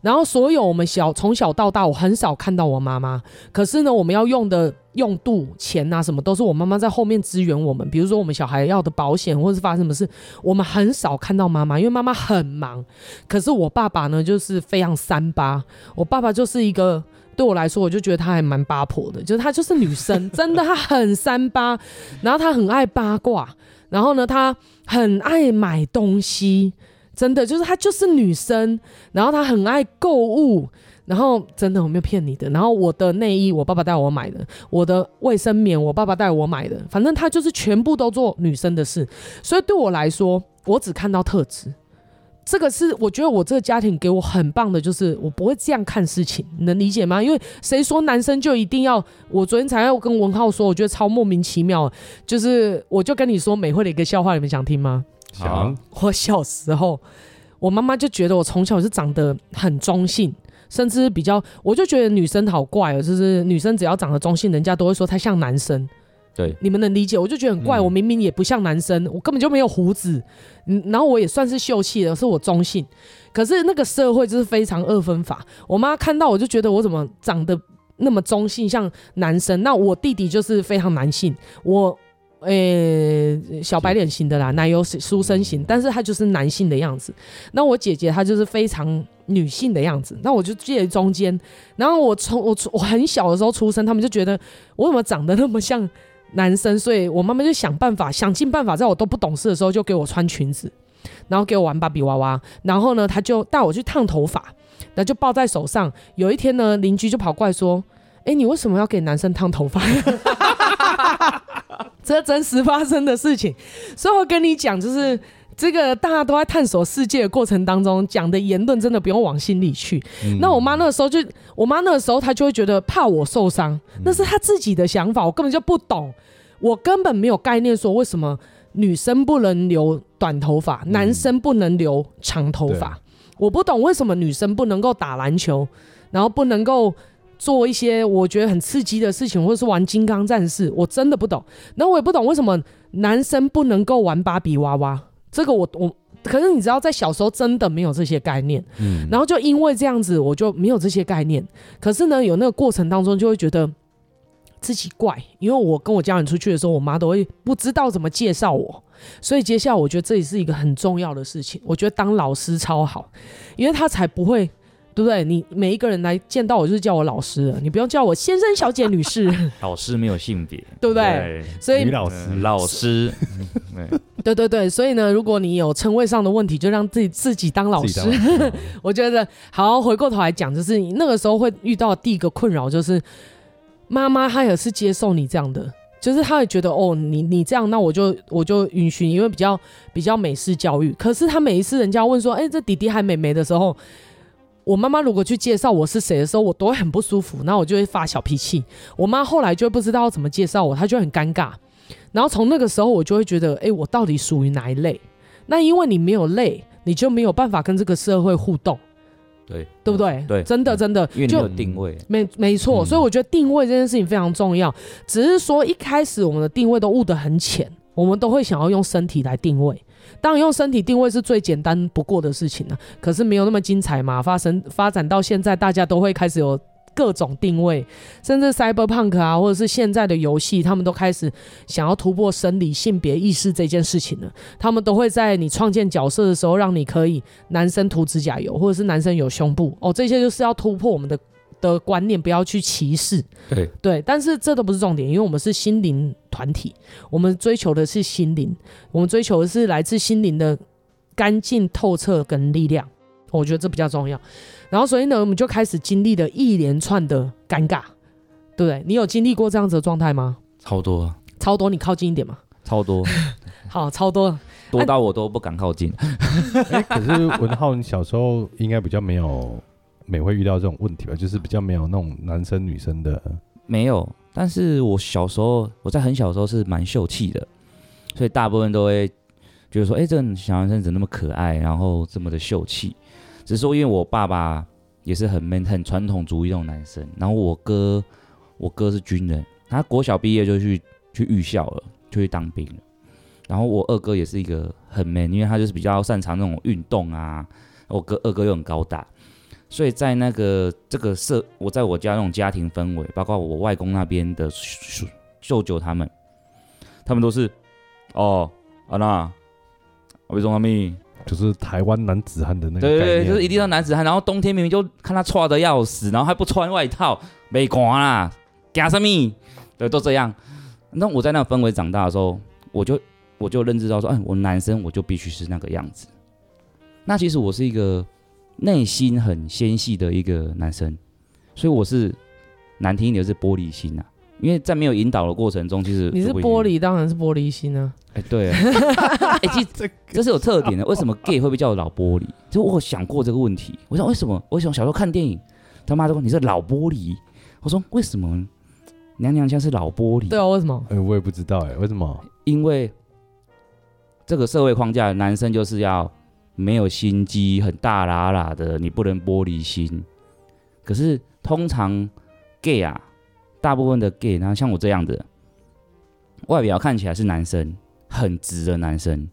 A: 然後所有我們小從小到大，我很少看到我媽媽。可是呢，我們要用的用度、錢啊什麼，都是我媽媽在後面支援我們。比如說我們小孩要的保險，或是發生什麼事，我們很少看到媽媽，因為媽媽很忙。可是我爸爸呢，就是非常三八。我爸爸就是一個。對我來說，我就覺得她還蠻八婆的，就是她就是女生，真的她很三八，然後她很愛八卦，然後呢她很愛買東西，真的就是她就是女生，然後她很愛購物，然後真的我沒有騙你的，然後我的內衣我爸爸帶我買的，我的衛生棉我爸爸帶我買的，反正她就是全部都做女生的事，所以對我來說，我只看到特質。這個是我覺得我這個家庭給我很棒的，就是我不會這樣看事情，能理解嗎？因為誰說男生就一定要？我昨天才要跟文皓說，我覺得超莫名其妙。就是我就跟你說美會的一個笑話，你們想聽嗎？想。我小時候，我媽媽就覺得我從小是長得很中性，甚至比較，我就覺得女生好怪喔，就是女生只要長得中性，人家都會說她像男生。對，你們能理解，我就覺得很怪，嗯。我明明也不像男生，我根本就沒有鬍子，然後我也算是秀氣的，是我中性。可是那個社會就是非常二分法。我媽看到我就覺得我怎麼長得那麼中性，像男生。那我弟弟就是非常男性，我誒、欸、小白臉型的啦，是奶油書生型，嗯，但是他就是男性的樣子。那我姐姐她就是非常女性的樣子，那我就介於中間。然後我從我我很小的時候出生，他們就覺得我怎麼長得那麼像男生，所以我媽媽就想辦法，想盡辦法，在我都不懂事的時候就給我穿裙子，然後給我玩芭比娃娃，然後呢，她就帶我去燙頭髮，然後就抱在手上。有一天呢，鄰居就跑過來說：“哎、欸，你為什麼要給男生燙頭髮？” 這真實發生的事情，所以我跟你講，就是。這個大家都在探索世界的過程當中講的言論真的不用往心裡去。嗯、那我媽那個時候就，我媽那個時候她就會覺得怕我受傷、嗯，那是她自己的想法，我根本就不懂，我根本沒有概念說，為什麼女生不能留短頭髮、嗯，男生不能留長頭髮，我不懂為什麼女生不能夠打籃球，然後不能夠做一些我覺得很刺激的事情，或者是玩金剛戰士，我真的不懂。然後我也不懂為什麼男生不能夠玩芭比娃娃。這個我我，可是你知道，在小時候真的沒有這些概念，嗯，然後就因為這樣子，我就沒有這些概念。可是呢，有那個過程當中，就會覺得自己怪，因為我跟我家人出去的時候，我媽都會不知道怎麼介紹我，所以接下來我覺得這也是一個很重要的事情。我覺得當老師超好，因為他才不會。對不對？你每一個人來見到我就是叫我老師，你不用叫我先生、小姐、女士。
C: 老師沒有性別， 對不
A: 對？對，所以女老師、
C: 嗯，老師，
A: 對對對。 所以呢，如果你有稱謂上的問題，就讓自己自己當老師。 我覺得好，回過頭來講，就是你那個時候會遇到的第一個困擾，就是媽媽她也是接受你這樣的，就是她也覺得哦，你你這樣，那我就我就允許你，因為比較比較美式教育。可是她每一次人家問說，哎、欸，這弟弟還妹妹的時候。我媽媽如果去介紹我是誰的時候，我都會很不舒服，那我就會發小脾氣。我媽後來就不知道怎麼介紹我，她就很尷尬。然後從那個時候，我就會覺得，哎，我到底屬於哪一類？那因為你沒有類，你就沒有辦法跟這個社會互動，對對不對？對，真的真的，嗯、就因為你有定位，沒沒錯、嗯。所以我覺得定位這件事情非常重要。只是說一開始我們的定位都悟得很淺，我們都會想要用身體來定位。當然，用身體定位是最簡單不過的事情了啊。可是沒有那麼精彩嘛。發生發展到現在，大家都會開始有各種定位，甚至 cyberpunk 啊，或者是現在的遊戲，他們都開始想要突破生理性別意識這件事情了啊。他們都會在你創建角色的時候，讓你可以男生塗指甲油，或者是男生有胸部。哦，這些就是要突破我們的。的觀念不要去歧視，對對，但是這都不是重點，因為我們是心靈團體，我們追求的是心靈，我們追求的是來自心靈的乾淨透徹跟力量，我覺得這比較重要。然後所以呢，我們就開始經歷了一連串的尷尬，對不對？你有經歷過這樣子的狀態嗎？超多，超多，你靠近一點嗎？
C: 超多，
A: 好，超多，
C: 多到我都不敢靠近。 欸、可
B: 是文皓，你小時候應該比較沒有。美會遇到這種問題吧，就是比較沒有那種男生女生的，
C: 啊，沒有。但是我小時候，我在很小的時候是蠻秀氣的，所以大部分都會覺得說，哎、欸，這個小男生怎麼那麼可愛，然後這麼的秀氣？只是說，因為我爸爸也是很 man，很傳統主義那種男生。然後我哥，我哥是軍人，他國小畢業就去去預校了，就去當兵了。然後我二哥也是一個很 man，因為他就是比較擅長那種運動啊。我哥二哥又很高大，所以在那個這個社，我在我家那種家庭氛圍，包括我外公那邊的舅舅他們，他們都是，哦，啊那，為什麼咪？就是台灣男子漢的那個。對對對，就是一定要男子漢、嗯。然後冬天明明就看他穿的要死，然後還不穿外套，沒寒啦，驚什麼？對，都這樣。那我在那個氛圍長大的時候，我就我就認知到說，哎，我男生我就必須是那個樣子。那其實我是一個。內心很纖細的一個男生，所以我是難聽一點是玻璃心啊，因為在沒有引導的過程中其實，其實你是玻
A: 璃，當然是玻璃心啊。哎，對啊，哎， 這
C: 這是有特點的。為什麼 gay 會被叫老玻璃？就我想過這個問題，我想為什麼？我想小時候看電影，他媽就說你是老玻璃，我說為什麼？娘娘腔是老玻璃，對啊，為什麼？哎、呃，我也不知道哎，為什麼？因為這個社會框架，男生就是要。沒有心機很大喇喇的，你不能玻璃心。可是通常 gay 啊，gay，大部分的 gay 呢，像我這樣的，外表看起來是男生，很直的男生，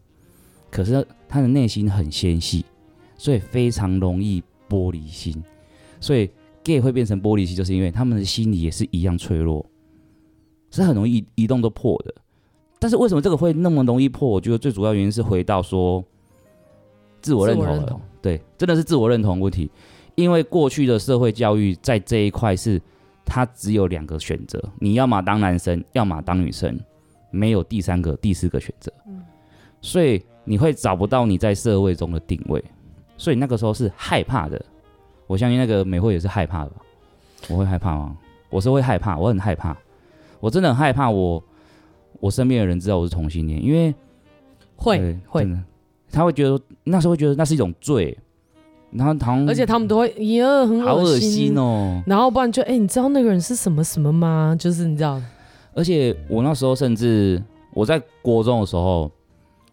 C: 可是他的內心很纖細，所以非常容易玻璃心。所以 gay 會變成玻璃心，就是因為他們的心理也是一樣脆弱，是很容易移動都破的。但是為什麼這個會那麼容易破？我覺得最主要原因是回到說。自我，自我認同，對，真的是自我認同的問題。因為過去的社會教育在這一塊是，他只有兩個選擇，你要麼當男生，要麼當女生，沒有第三個、第四個選擇，嗯。所以你會找不到你在社會中的定位，所以那個時候是害怕的。我相信那個美會也是害怕的。我會害怕嗎？我是會害怕，我很害怕，我真的很害怕我。我我身邊的人知道我是同性戀，因為會會。他會覺得那時候會覺得那是一種罪，然後，然後，而且他
A: 們都會，耶，很噁心哦、喔。然後不然就，哎、欸，你知道那個人是什麼什麼嗎？就是你知道。
C: 而且我那時候甚至我在國中的時候，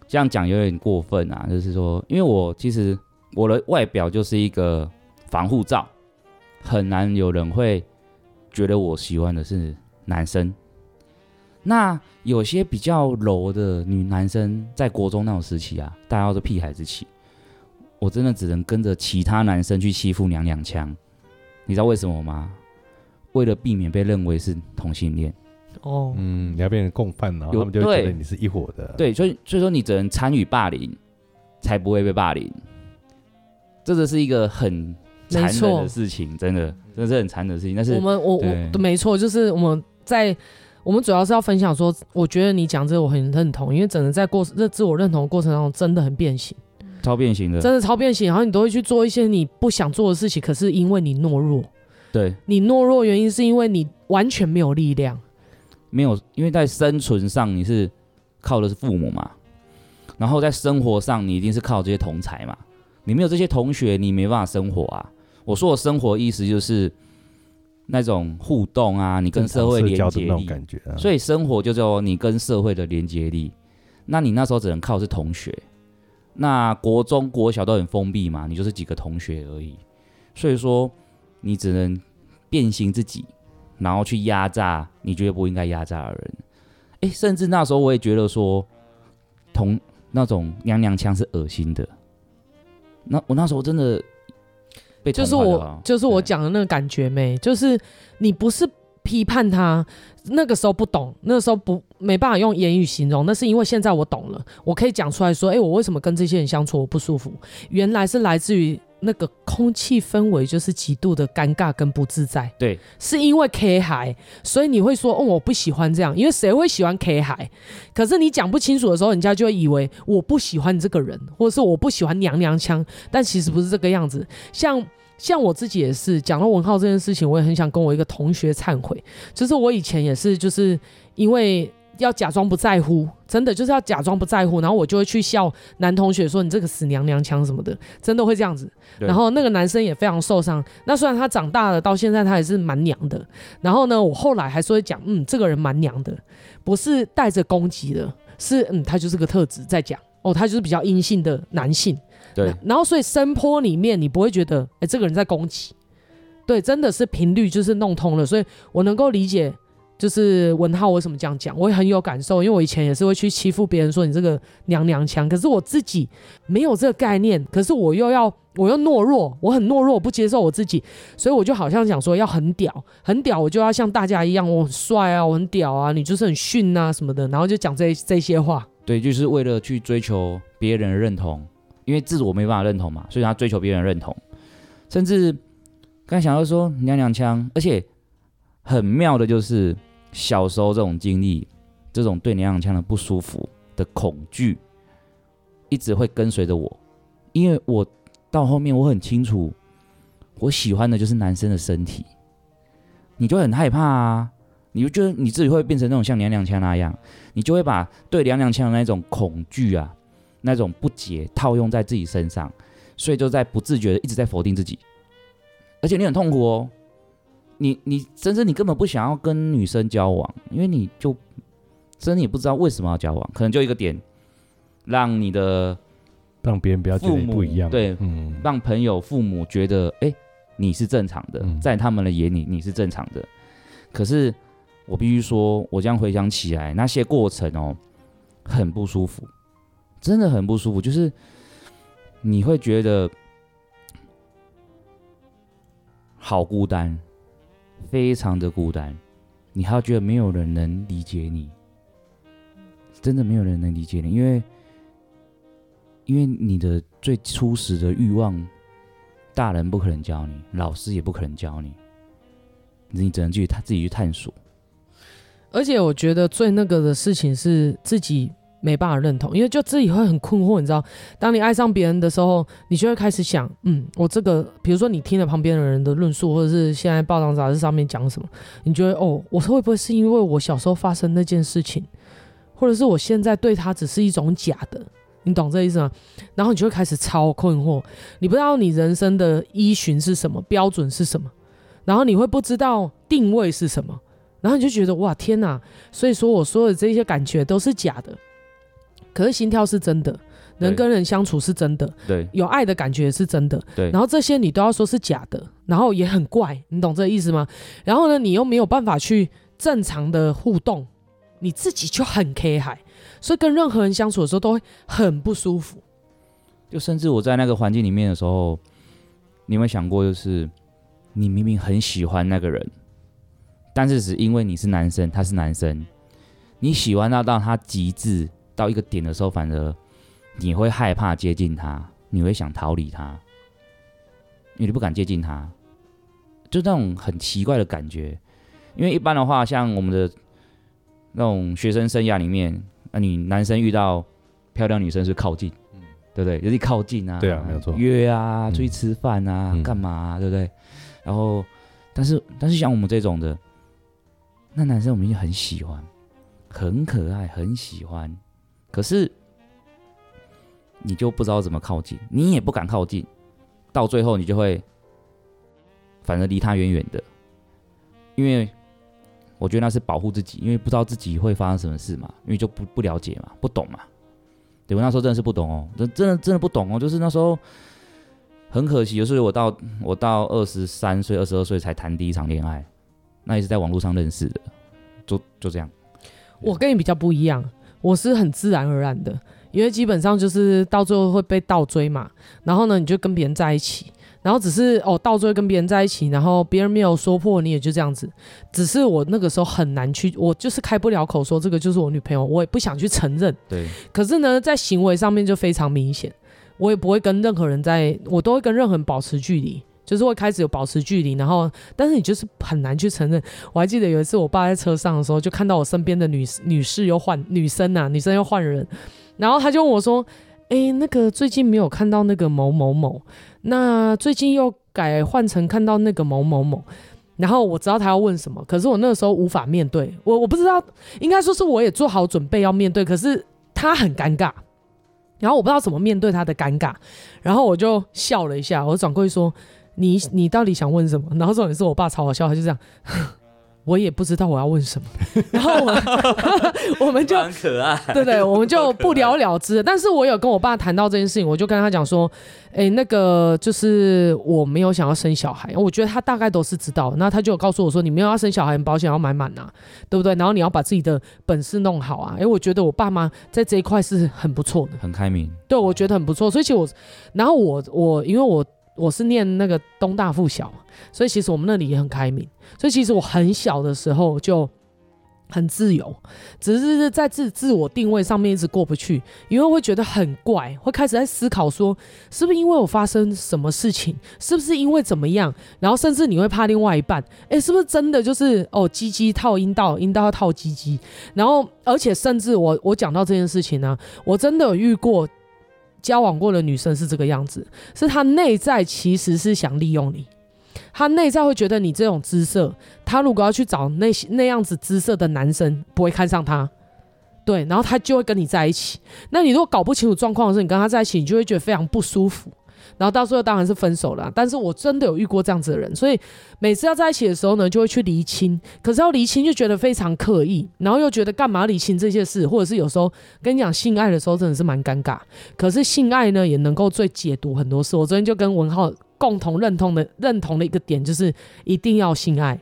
C: 這樣講有點過分啊。就是說，因為我其實我的外表就是一個防護罩，很難有人會覺得我喜歡的是男生。那有些比較柔的女男生，在國中那種時期啊，大家都是屁孩時期，我真的只能跟着其他男生去欺負娘娘腔。你知道為什麼嗎？為了避免被認為是同性戀，哦，嗯，你要變成共犯了，他們就會覺得你是一夥的。對，所以所以說你只能參與霸凌，才不會被霸凌。這個是一個很殘忍的事情，真的，真的是很殘忍的事情。但是我們，我我
A: 沒錯，就是我們在。我們主要是要分享說，我覺得你講這個我很認同，因為整個在過這自我認同的過程當中真的很變形，
C: 超變形的，真的超
A: 變形。然後你都會去做一些你不想做的事情，可是因為你懦弱，對，你懦弱原因是因為你完全沒有力量，
C: 沒有，因為在生存上你是靠的是父母嘛，然後在生活上你一定是靠這些同儕嘛，你沒有這些同學你沒辦法生活啊。我說我生活意思就是。那種互動啊，你跟社會連接力感覺、啊，所以生活就叫你跟社會的連接力。那你那時候只能靠是同學，那國中國小都很封閉嘛，你就是幾個同學而已。所以說你只能變形自己，然後去壓榨你覺得不應該壓榨的人。哎、欸，甚至那時候我也覺得說同那種娘娘腔是惡心的。
A: 那我那時候真的。就是我，就是我講的那個感覺沒，就是你不是批判他，那個時候不懂，那個時候不沒辦法用言語形容，那是因為現在我懂了，我可以講出來說，欸，我為什麼跟這些人相處我不舒服，原來是來自於。那個空氣氛圍就是極度的尷尬跟不自在，對，是因為 K 海，所以你會說，哦，我不喜歡這樣，因為誰會喜歡 K 海？可是你講不清楚的時候，人家就會以為我不喜歡這個人，或者是我不喜歡娘娘腔，但其實不是這個樣子。像像我自己也是，講了文皓這件事情，我也很想跟我一個同學懺悔，就是我以前也是，就是因為。要假裝不在乎，真的就是要假裝不在乎，然後我就會去笑男同學說你這個死娘娘腔什麼的，真的會這樣子。然後那個男生也非常受傷。那雖然他長大了，到現在他還是蠻娘的。然後呢，我後來還是會講，嗯，這個人蠻娘的，不是帶着攻擊的，是嗯，他就是個特質在講。哦，他就是比較陰性的男性。對。然後所以聲波裡面你不會覺得哎、欸，這個人在攻擊。對，真的是頻率就是弄通了，所以我能夠理解。就是文皓為什麼這樣講？我也很有感受，因為我以前也是會去欺負別人，說你這個娘娘腔。可是我自己沒有這個概念，可是我又要，我又懦弱，我很懦弱，不接受我自己，所以我就好像想說要很屌，很屌，我就要像大家一樣，我很帥啊，我很屌啊，你就是很遜啊什麼的，然後就講這這些話。
C: 對，就是為了去追求別人的認同，因為自我沒辦法認同嘛，所以他追求別人的認同，甚至剛才想要說娘娘腔，而且很妙的就是。小時候這種經歷，這種對娘娘腔的不舒服的恐懼，一直會跟隨着我。因為我到後面我很清楚，我喜歡的就是男生的身體，你就會很害怕啊，你就覺得你自己會變成那種像娘娘腔那樣，你就會把對娘娘腔的那種恐懼啊，那種不解套用在自己身上，所以就在不自覺的一直在否定自己，而且你很痛苦哦。你你甚至你根本不想要跟女生交往，因為你就，真的也不知道為什麼要交往，可能就一個點，讓你的讓別人不要覺得不一樣，對，嗯，讓朋友父母覺得哎、欸、你是正常的、嗯，在他們的眼裡你是正常的。可是我必須說，我這樣回想起來那些過程哦、喔，很不舒服，真的很不舒服，就是你會覺得好孤單。非常的孤單，你還要覺得沒有人能理解你，真的沒有人能理解你，因為，因為你的最初始的慾望，大人不可能教你，老師也不可能教你，你只能去他自己去探索。
A: 而且我覺得最那個的事情是自己，沒辦法認同，因為就自己會很困惑，你知道，當你愛上別人的時候，你就會開始想，嗯，我這個，比如說你聽了旁邊的人的論述，或者是現在報章雜誌上面講什麼，你覺得哦，我說會不會是因為我小時候發生那件事情，或者是我現在對他只是一種假的，你懂這意思嗎？然後你就會開始超困惑，你不知道你人生的依循是什麼，標準是什麼，然後你會不知道定位是什麼，然後你就覺得，哇，天哪，所以說我說的這些感覺都是假的。可是心跳是真的，能跟人相處是真的，對，有愛的感覺是真的，對。然後這些你都要說是假的，然後也很怪，你懂這個意思嗎？然後呢，你又沒有辦法去正常的互動，你自己就很 K 海，所以跟任何人相處的時候都會很不舒服。
C: 就甚至我在那個環境裡面的時候，你有沒有想過，就是你明明很喜歡那個人，但是只因為你是男生，他是男生，你喜歡到到他極致。到一個點的時候，反而你會害怕接近他，你會想逃離他，因為你不敢接近他，就那種很奇怪的感覺。因為一般的話，像我們的那種學生生涯裡面，那、啊、你男生遇到漂亮女生是靠近，嗯、對不對？就是靠近啊，對啊，啊，沒有錯，約啊，出去吃飯啊，嗯、幹嘛、啊，對不對？然後，但是但是像我們這種的，那男生我們已經很喜歡，很可愛，很喜歡。可是，你就不知道怎麼靠近，你也不敢靠近，到最後你就會，反而離他遠遠的，因為我覺得那是保護自己，因為不知道自己會發生什麼事嘛，因為就不不了解嘛，不懂嘛，對，我那時候真的是不懂喔，真的真的不懂喔，就是那時候很可惜，就是我到我到二十三歲、二十二歲才談第一場戀愛，那也是在網絡上認識的，就就這樣。
A: 我跟你比較不一樣。我是很自然而然的，因為基本上就是到最後會被倒追嘛。然後呢，你就跟別人在一起，然後只是哦倒追跟別人在一起，然後別人沒有說破，你也就這樣子。只是我那個時候很難去，我就是開不了口說這個就是我女朋友，我也不想去承認。對。可是呢，在行為上面就非常明顯，我也不會跟任何人在我都會跟任何人保持距離。就是會開始有保持距離，然後，但是你就是很難去承認。我還記得有一次，我爸在車上的時候，就看到我身邊的女女士又換女生啊，女生又換人，然後他就問我說：“誒、欸，那個最近沒有看到那個某某某，那最近又改換成看到那個某某某。”然後我知道他要問什麼，可是我那個時候無法面對我，我不知道，應該說是我也做好準備要面對，可是他很尷尬，然後我不知道怎麼面對他的尷尬，然後我就笑了一下，我轉過去說。你你到底想問什麼？然後重點是我爸超好笑，他就這樣，我也不知道我要問什麼。 然後我們, 我們就，可愛啊、對不對,對？我們就不了了之了。但是我有跟我爸談到這件事情，我就跟他講說，哎、欸，那個就是我沒有想要生小孩，我覺得他大概都是知道。那他就告訴我說，你沒有要生小孩，保險，要買滿啊，對不對？然後你要把自己的本事弄好啊。哎、欸，我覺得我爸媽在這一塊是很不錯的，很開明。對，我覺得很不錯。所以其實我，然後我我,我因為我。我是念那個東大附小，所以其實我們那裡也很開明，所以其實我很小的時候就很自由，只是在自自我定位上面一直過不去，因為會覺得很怪，會開始在思考說是不是因為我發生什麼事情，是不是因為怎麼樣，然後甚至你會怕另外一半，誒，是不是真的就是哦，雞雞套陰道，陰道要套雞雞，然後而且甚至我我講到這件事情呢，啊，我真的遇過。交往過的女生是這個樣子，是她內在其實是想利用你，她內在會覺得你這種姿色，她如果要去找那些那樣子姿色的男生，不會看上她，對，然後她就會跟你在一起。那你如果搞不清楚狀況的時候，你跟她在一起，你就會覺得非常不舒服。然後到最後當然是分手了啊，但是我真的有遇過這樣子的人，所以每次要在一起的時候呢，就會去釐清。可是要釐清就覺得非常刻意，然後又覺得幹嘛釐清這些事，或者是有時候跟你講性愛的時候真的是蠻尷尬。可是性愛呢也能夠最解讀很多事。我昨天就跟文皓共同認同的認同的一個點就是一定要性愛，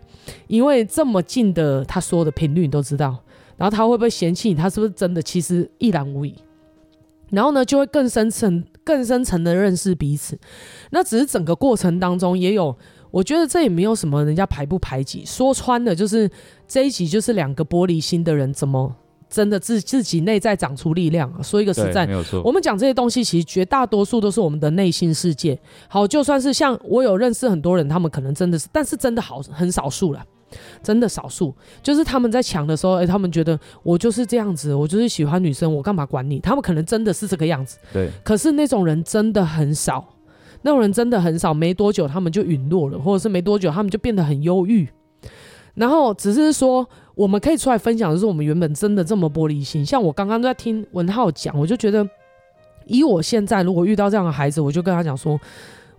A: 因為這麼近的他說的頻率你都知道，然後他會不會嫌棄你，他是不是真的，其實一覽無遺。然後呢，就會更深層、更深層的認識彼此。那只是整個過程當中也有，我覺得這也沒有什麼人家排不排擠。說穿了，就是這一集就是兩個玻璃心的人，怎麼真的自自己內在長出力量啊？說一個實在，沒有錯。我們講這些東西，其實絕大多數都是我們的內心世界。好，就算是像我有認識很多人，他們可能真的是，但是真的好很少數了。真的少數，就是他們在搶的時候，哎、欸，他們覺得我就是這樣子，我就是喜歡女生，我幹嘛管你？他們可能真的是這個樣子。對。可是那種人真的很少，那種人真的很少。沒多久他們就隕落了，或者是沒多久他們就變得很憂鬱。然後只是說，我們可以出來分享的是我們原本真的這麼玻璃心。像我剛剛在聽文皓講，我就覺得，以我現在如果遇到這樣的孩子，我就跟他講說，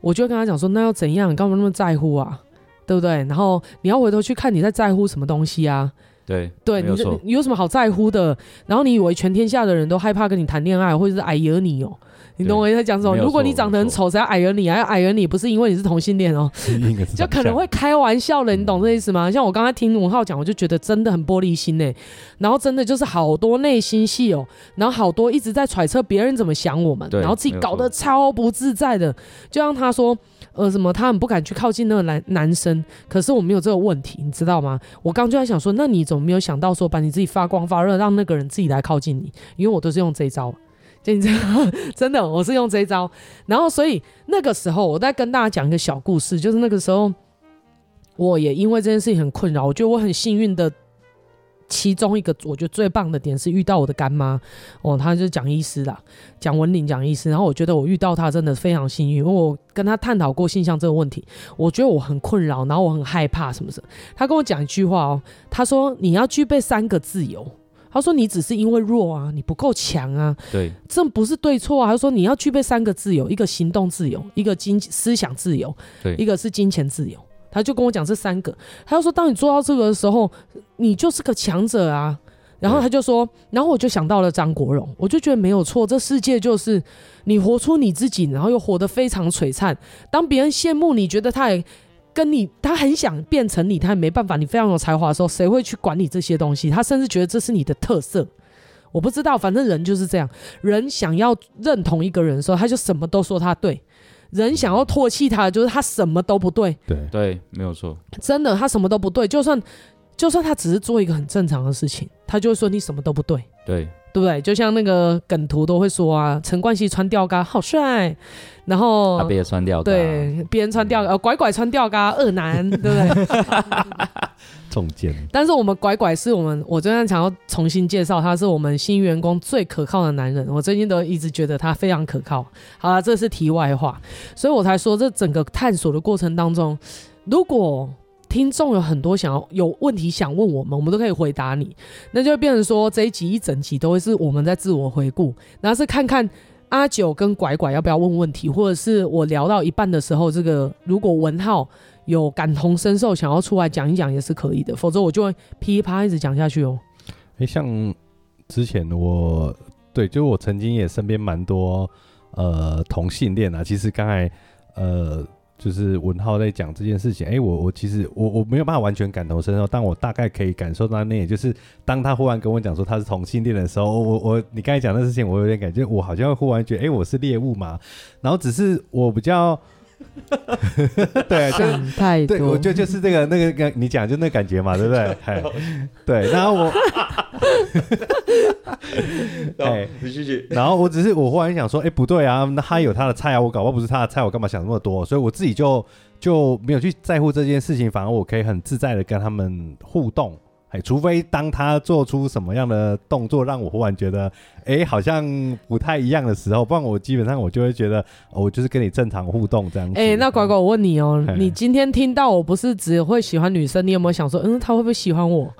A: 我就跟他講說，那要怎樣？你幹嘛那麼在乎啊？對不對？然後你要回頭去看你在在乎什麼東西啊？
C: 對對，你你
A: 有什麼好在乎的？然後你以為全天下的人都害怕跟你談戀愛，或者是哎呦你哦？你懂我在講什麼？如果你長得很醜，誰要矮人你還、啊，要矮人你不是因為你是同性戀哦、喔， 長 就可能會開玩笑的，你懂這意思嗎？嗯，像我剛才聽文皓講，我就覺得真的很玻璃心哎、欸，然後真的就是好多內心戲哦、喔，然後好多一直在揣測別人怎麼想我們，然後自己搞得超不自在的。就像他說，呃，什麼他很不敢去靠近那個男男生，可是我沒有這個問題，你知道嗎？我剛就在想說，那你怎麼沒有想到說把你自己發光發熱，讓那個人自己來靠近你？因為我都是用這一招。 真的，我是用這一招。然後，所以那個時候我在跟大家講一個小故事，就是那個時候我也因為這件事情很困擾。我覺得我很幸運的其中一個，我覺得最棒的點是遇到我的乾媽哦，她就是蔣醫師啦，蔣文玲，蔣醫師。然後我覺得我遇到她真的非常幸運，因為我跟她探討過性向這個問題，我覺得我很困擾，然後我很害怕什麼什麼。她跟我講一句話哦、喔，她說你要具備三個自由。他說：“你只是因為弱啊，你不夠強啊。對，這不是對錯啊。他說你要具備三個自由：一個行動自由，一個金思想自由，對，一個是金錢自由。他就跟我講這三個。他就說：當你做到這個的時候，你就是個強者啊。然後他就說，然後我就想到了張國榮，我就覺得沒有錯。這世界就是你活出你自己，然後又活得非常璀璨。當別人羨慕你，你覺得他也……跟你，他很想變成你，他也沒辦法。你非常有才華的時候，誰會去管你這些東西？他甚至覺得這是你的特色。我不知道，反正人就是這樣。人想要認同一個人的時候，他就什麼都說他對；人想要唾棄他，就是他什麼都不對。
C: 對對，沒有錯。
A: 真的，他什麼都不對。就算就算他只是做一個很正常的事情，他就會說你什麼都不對。對。對不對？就像那個梗圖都會說啊，陳冠希穿吊嘎好帥，然後他別穿吊。對，別人穿吊嘎、嗯，呃，拐拐穿吊嘎噁男，對不對？
B: 中箭、嗯。
A: 但是我們拐拐是我們，我最近想要重新介紹，他是我們新員工最可靠的男人。我最近都一直覺得他非常可靠。好了，這是題外話，所以我才說這整個探索的過程當中，如果聽眾有很多想要有問題想問我們，我們都可以回答你，那就變成說這一集一整集都會是我們在自我回顧，然後是看看阿九跟拐拐要不要問問題，或者是我聊到一半的時候，這個如果文皓有感同身受想要出來講一講也是可以的，否則我就會噼啪啪一直講下去哦。
B: 哎、欸，像之前我對，就是我曾經也身邊蠻多呃同性戀啊，其實剛才呃。就是文皓在講這件事情，哎、欸，我我其實我我沒有辦法完全感同身受，但我大概可以感受到那，也就是當他忽然跟我講說他是同性戀的時候，我我你剛才講的事情，我有點感覺，我好像會忽然覺得，哎、欸，我是獵物嘛，然後只是我比較。對哈哈哈
A: 對，就對，我覺得
B: 就是這個那個，你講就那感覺嘛， 對不對？對。然後我， 然後我只是我忽然想說，哎、 欸， 欸、不對啊，那他有他的菜啊，我搞不好不是他的菜，我幹嘛想那麼多、啊？所以我自己就就沒有去在乎這件事情，反而我可以很自在的跟他們互動。除非當他做出什麼樣的動作，讓我忽然覺得，哎、欸，好像不太一樣的時候，不然我基本上我就會覺得，哦、我就是跟你正常互動這樣子。哎、欸
A: 嗯，那拐拐，我問你哦、喔，你今天聽到我不是只會喜歡女生，你有沒有想說，嗯，他會不會喜歡我、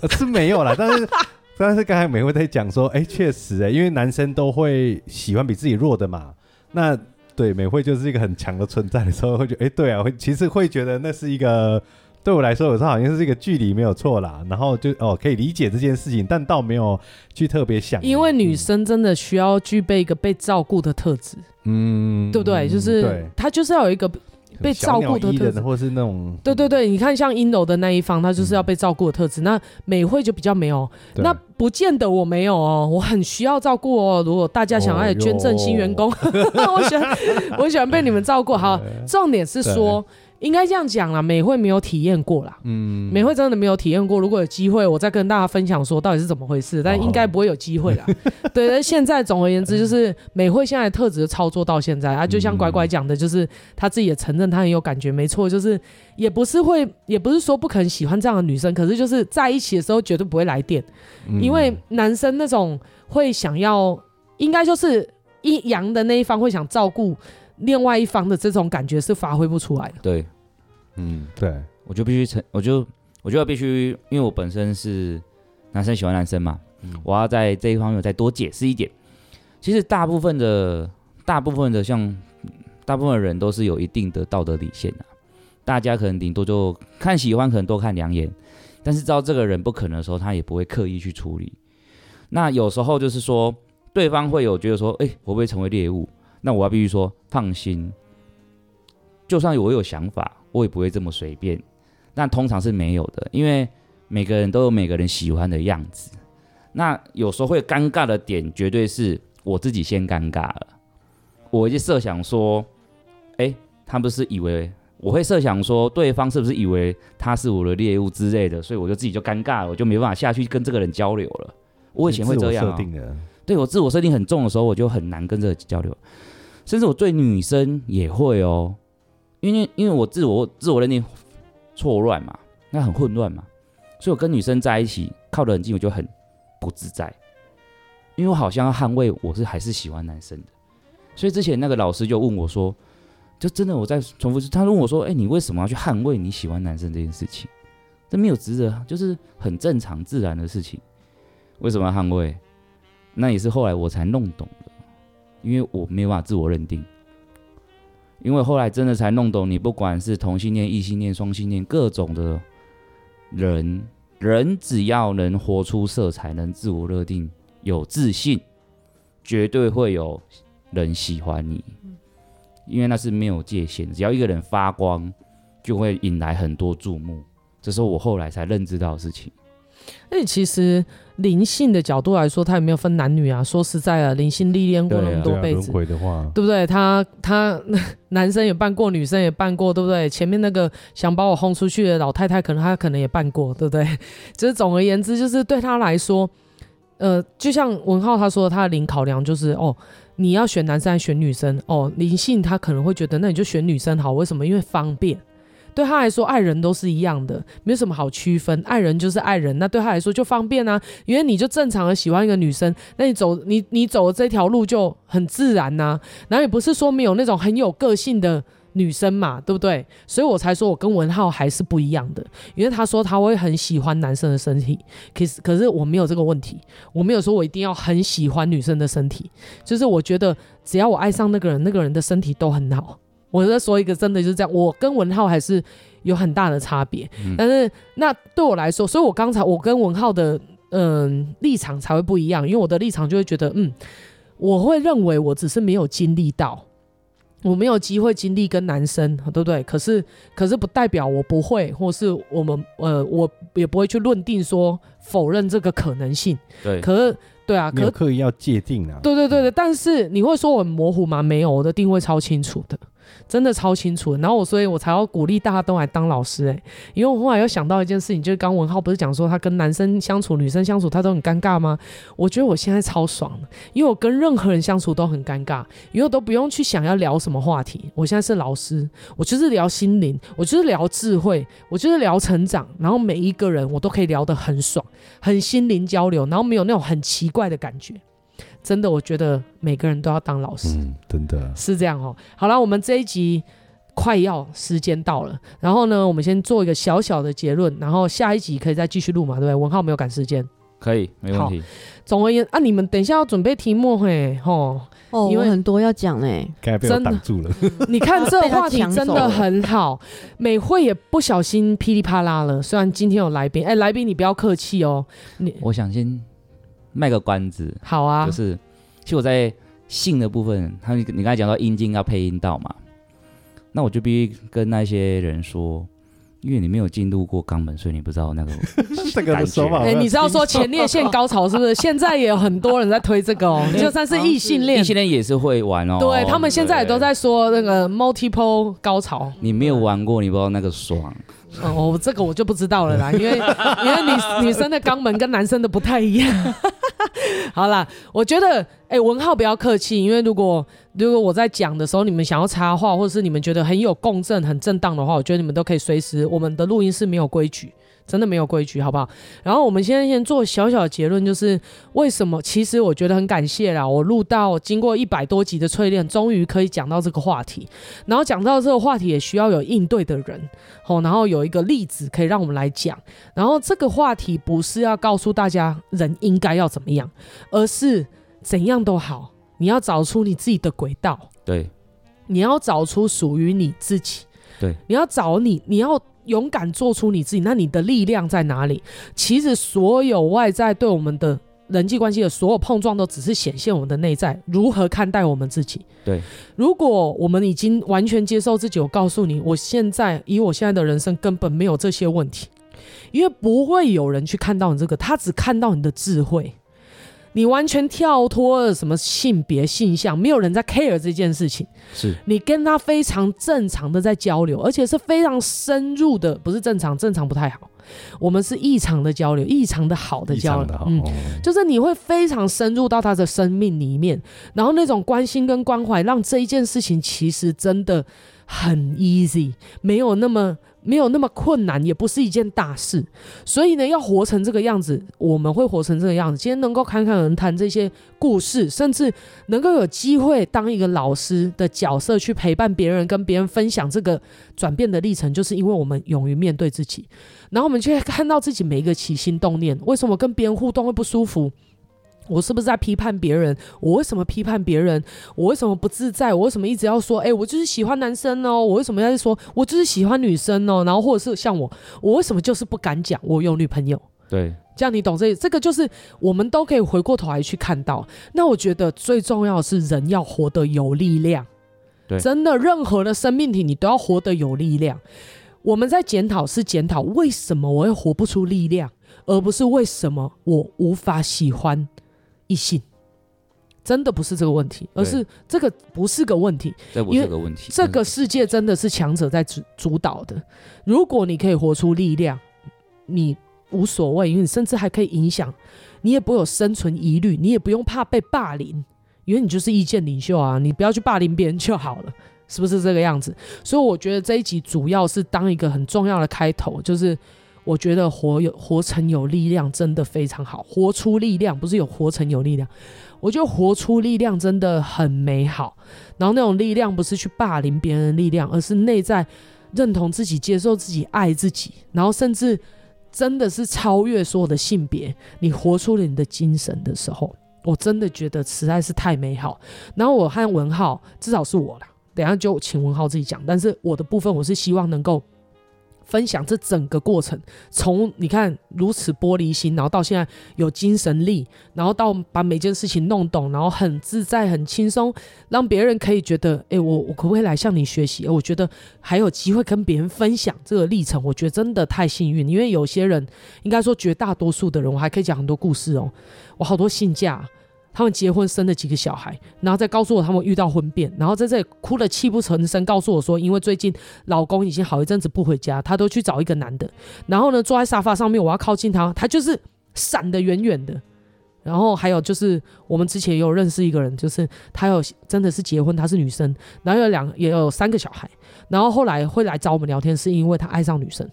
B: 呃？是沒有啦，但是 但是剛才美會在講說，哎、欸，確實、欸，哎，因為男生都會喜歡比自己弱的嘛。那對美會就是一個很強的存在的時候，會覺得，哎、欸，對啊，會其實會覺得那是一個。對我來說，我是好像是這個距離沒有錯啦。然後就哦可以理解這件事情，但倒沒有去特別想。
A: 因為女生真的需要具備一個被照顧的特質，嗯，對不對？就、嗯、是她就是要有一個被照顧的特質，或
B: 是那種、嗯……
A: 對對對，你看像英柔的那一方，她就是要被照顧的特質、嗯。那美會就比較沒有，那不見得我沒有哦，我很需要照顧哦。如果大家想要有捐贈新員工，哦哦哦哦哦哦哦 我喜歡， 我喜歡被你們照顧。好，重點是說。應該這樣講啦，美會沒有體驗過啦。嗯，美會真的沒有體驗過。如果有機會，我再跟大家分享說到底是怎麼回事。但應該不會有機會啦。哦、對，而 現在，總而言之，就是美會現在的特質的操作到現在啊，就像拐拐講的，就是她自己也承認她很有感覺，嗯、沒錯，就是也不是會，也不是說不肯喜歡這樣的女生，可是就是在一起的時候絕對不會來電，嗯、因為男生那種會想要，應該就是一陽的那一方會想照顧。另外一方的這種感覺是發揮不出來的。
C: 對，嗯，對我就必須成，我就我就要必須，因為我本身是男生喜歡男生嘛，嗯、我要在這一方面再多解釋一點。其實大部分的、大部分的像，像大部分的人都是有一定的道德底線的、啊。大家可能頂多就看喜歡，可能多看兩眼，但是知道這個人不可能的時候，他也不會刻意去處理。那有時候就是說，對方會有覺得說，哎，我會不會成為獵物？那我要必須說放心，就算我有想法，我也不會這麼隨便。那通常是沒有的，因為每個人都有每個人喜歡的樣子。那有時候會尷尬的點，絕對是我自己先尷尬了。我就設想說，哎、欸，他不是以為我會設想說，對方是不是以為他是我的獵物之類的，所以我就自己就尷尬了，我就沒辦法下去跟這個人交流了。
A: 我以前會這樣喔。
C: 對我自我設定很重的時候，我就很難跟這個交流，甚至我對女生也會哦、喔，因為因為我自我自我認定錯亂嘛，那很混亂嘛，所以我跟女生在一起靠得很近，我就很不自在，因為我好像要捍衛我是還是喜歡男生的，所以之前那個老師就問我說，就真的我在重複，他問我說，誒、欸，你為什麼要去捍衛你喜歡男生這件事情？這沒有指責，就是很正常自然的事情，為什麼要捍衛？那也是後來我才弄懂的，因為我沒有辦法自我認定。因為後來真的才弄懂你，你不管是同性戀、異性戀、雙性戀，各種的人人，只要能活出色彩，能自我認定、有自信，絕對會有人喜歡你。因為那是沒有界限，只要一個人發光，就會引來很多注目。這是我後來才認知到的事情。
A: 那其實靈性的角度來說，他也沒有分男女啊？說實在的，啊，靈性歷練過那麼多輩子，對啊對啊，對不對？他他男生也辦過，女生也辦過，對不對？前面那個想把我轟出去的老太太，可能他可能也辦過，對不對？就是總而言之，就是對他來說，呃，就像文皓他說的他的零考量就是哦，你要選男生還是選女生？哦，靈性他可能會覺得，那你就選女生好，為什麼？因為方便。對他來說，愛人都是一樣的，沒有什麼好區分。愛人就是愛人，那對他來說就方便啊。因為你就正常的喜歡一個女生，那你走你你走這條路就很自然吶、啊。然後也不是說沒有那種很有個性的女生嘛，對不對？所以我才說我跟文皓還是不一樣的，因為他說他會很喜歡男生的身體，可是可是我沒有這個問題，我沒有說我一定要很喜歡女生的身體，就是我覺得只要我愛上那個人，那個人的身體都很好。我在說一個真的就是這樣，我跟文皓還是有很大的差別、嗯。但是那對我來說，所以我剛才我跟文皓的嗯立場才會不一樣，因為我的立場就會覺得嗯，我會認為我只是沒有經歷到，我沒有機會經歷跟男生，對不對？可是可是不代表我不會，或是我們呃我也不會去論定說否認這個可能性。對，可是對啊，可不可
B: 以要界定啊？
A: 對對對對，但是你會說我模糊嗎？沒有，我的定位超清楚的。真的超清楚，然後我所以我才要鼓勵大家都來當老師誒、欸，因為我後來又想到一件事情，就是剛剛文皓不是講說他跟男生相處、女生相處，他都很尷尬嗎？我覺得我現在超爽，因為我跟任何人相處都很尷尬，因為我都不用去想要聊什麼話題。我現在是老師，我就是聊心靈，我就是聊智慧，我就是聊成長，然後每一個人我都可以聊得很爽，很心靈交流，然後沒有那種很奇怪的感覺。真的，我覺得每個人都要當老師。嗯，真的、啊、是這樣哦、喔。好了，我們這一集快要時間到了，然後呢，我們先做一個小小的結論，然後下一集可以再繼續錄嘛，對不對？文皓沒有趕時間，
C: 可以，沒問題。好
A: 總而言啊，你們等一下要準備題目，嘿、喔，哦，因為很多要講誒，真的擋住了，的他
C: 他了。
A: 你看這話題真的很好，美會也不小心噼里啪啦了。雖然今天有來賓，哎、欸，來賓你不要客氣哦、喔，你我想先。賣個關子，好啊，就是，
C: 其實我在性的部分，他們，你你剛才講到陰莖要配陰道嘛，那我就必須跟那些人說，因為你沒有進入過肛門，所以你不知道那個感覺 這個是說哎、欸，你知道說
A: 前列腺高潮是不是？ 現在也有很多人在推這個、哦， 就算是異性
C: 戀，異性戀也是會玩哦。對，他們現在也都
A: 在說那個 multiple 高潮，
C: 你沒有玩過，你不知道那個爽。
A: 哦，這個我就不知道了啦，因為因為女女生的肛門跟男生的不太一樣。 好啦，我覺得，哎、欸，文皓不要客氣，因為如果如果我在講的時候，你們想要插話，或者是你們覺得很有共振、很正當的話，我覺得你們都可以隨時，我們的錄音室沒有規矩。真的沒有規矩，好不好？然後我們現在先做小小的結論，就是為什麼？其實我覺得很感謝啦，我錄到經過一百多集的淬煉，終於可以講到這個話題。然後講到這個話題，也需要有應對的人，吼，然後有一個例子可以讓我們來講。然後這個話題不是要告訴大家人應該要怎麼樣，而是怎樣都好，你要找出你自己的軌道。對，你要找出屬於你自己。對，你要找你，你要。勇敢做出你自己，那你的力量在哪裡？其實所有外在對我們的人際關係的所有碰撞，都只是顯現我們的內在，如何看待我們自己。對，如果我們已經完全接受自己，我告訴你，我現在，以我現在的人生根本沒有這些問題，因為不會有人去看到你這個，他只看到你的智慧。你完全跳脫了什麼性別性向，沒有人在 care 這件事情。是你跟他非常正常的在交流，而且是非常深入的，不是正常，正常不太好。我們是異常的交流，異常的好的交流，嗯、哦，就是你會非常深入到他的生命裡面，然後那種關心跟關懷，讓這一件事情其實真的很 easy，沒有那麼。沒有那麼困難，也不是一件大事，所以呢，要活成這個樣子，我們會活成這個樣子。今天能夠侃侃而談這些故事，甚至能夠有機會當一個老師的角色去陪伴別人，跟別人分享這個轉變的歷程，就是因為我們勇於面對自己，然後我們就看到自己每一個起心動念，為什麼跟別人互動會不舒服？我是不是在批判別人？我為什麼批判別人？我為什麼不自在？我為什麼一直要說？哎、欸，我就是喜歡男生哦。我為什麼要說？我就是喜歡女生哦。然後，或者是像我，我為什麼就是不敢講？我有女朋友。對，這樣你懂這這個就是我們都可以回過頭來去看到。那我覺得最重要的是，人要活得有力量。對，真的，任何的生命體你都要活得有力量。我們在檢討是檢討為什麼我會活不出力量，而不是為什麼我無法喜歡。異性真的不是這個問題，而是這個不是個問題，因為這個世界真的是強者在主主導的。如果你可以活出力量，你無所謂，因為你甚至還可以影響，你也不有生存疑慮，你也不用怕被霸凌，因為你就是意見領袖啊，你不要去霸凌別人就好了，是不是這個樣子？所以我覺得這一集主要是當一個很重要的開頭，就是。我覺得活有活成有力量，真的非常好。活出力量不是有活成有力量，我覺得活出力量真的很美好。然後那種力量不是去霸凌別人的力量，而是內在認同自己、接受自己、愛自己，然後甚至真的是超越所有的性別。你活出了你的精神的時候，我真的覺得實在是太美好。然後我和文皓，至少是我了，等一下就請文皓自己講，但是我的部分我是希望能夠。分享這整個過程，從你看如此玻璃心，然後到現在有精神力，然後到把每件事情弄懂，然後很自在、很輕鬆，讓別人可以覺得，哎，我我可不可以來向你學習？我覺得還有機會跟別人分享這個歷程，我覺得真的太幸運。因為有些人，應該說絕大多數的人，我還可以講很多故事哦，我好多信價啊。他們結婚生了幾個小孩，然後再告訴我他們遇到婚變，然後在這裡哭得泣不成聲，告訴我說，因為最近老公已經好一陣子不回家，他都去找一個男的，然後呢，坐在沙發上面，我要靠近他，他就是閃得遠遠的。然後還有就是我們之前也有認識一個人，就是他有真的是結婚，他是女生，然後有兩也有三個小孩，然後後來會來找我們聊天，是因為他愛上女生。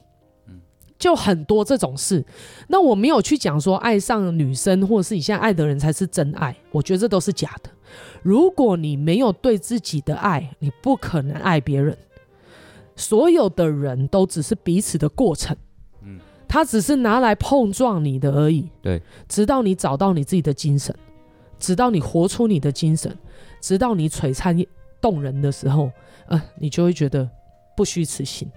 A: 就很多這種事，那我沒有去講說愛上女生或者是你現在愛的人才是真愛，我覺得這都是假的。如果你沒有對自己的愛，你不可能愛別人。所有的人都只是彼此的過程，嗯，他只是拿來碰撞你的而已。對，直到你找到你自己的精神，直到你活出你的精神，直到你璀璨動人的時候，呃，你就會覺得。不虛此行，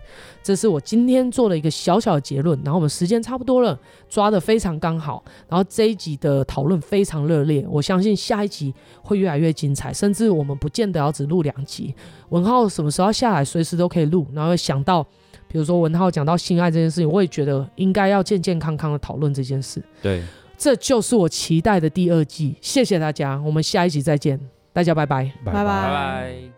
A: 這是我今天做了一個小小的結論。然後我們時間差不多了，抓得非常剛好。然後這一集的討論非常熱烈，我相信下一集會越來越精彩，甚至我們不見得要只錄兩集。文皓什麼時候下來，隨時都可以錄。然後會想到，比如說文皓講到性愛這件事情，我也覺得應該要健健康康的討論這件事。對，這就是我期待的第二季。謝謝大家，我們下一集再見，大家拜拜，拜拜。拜拜。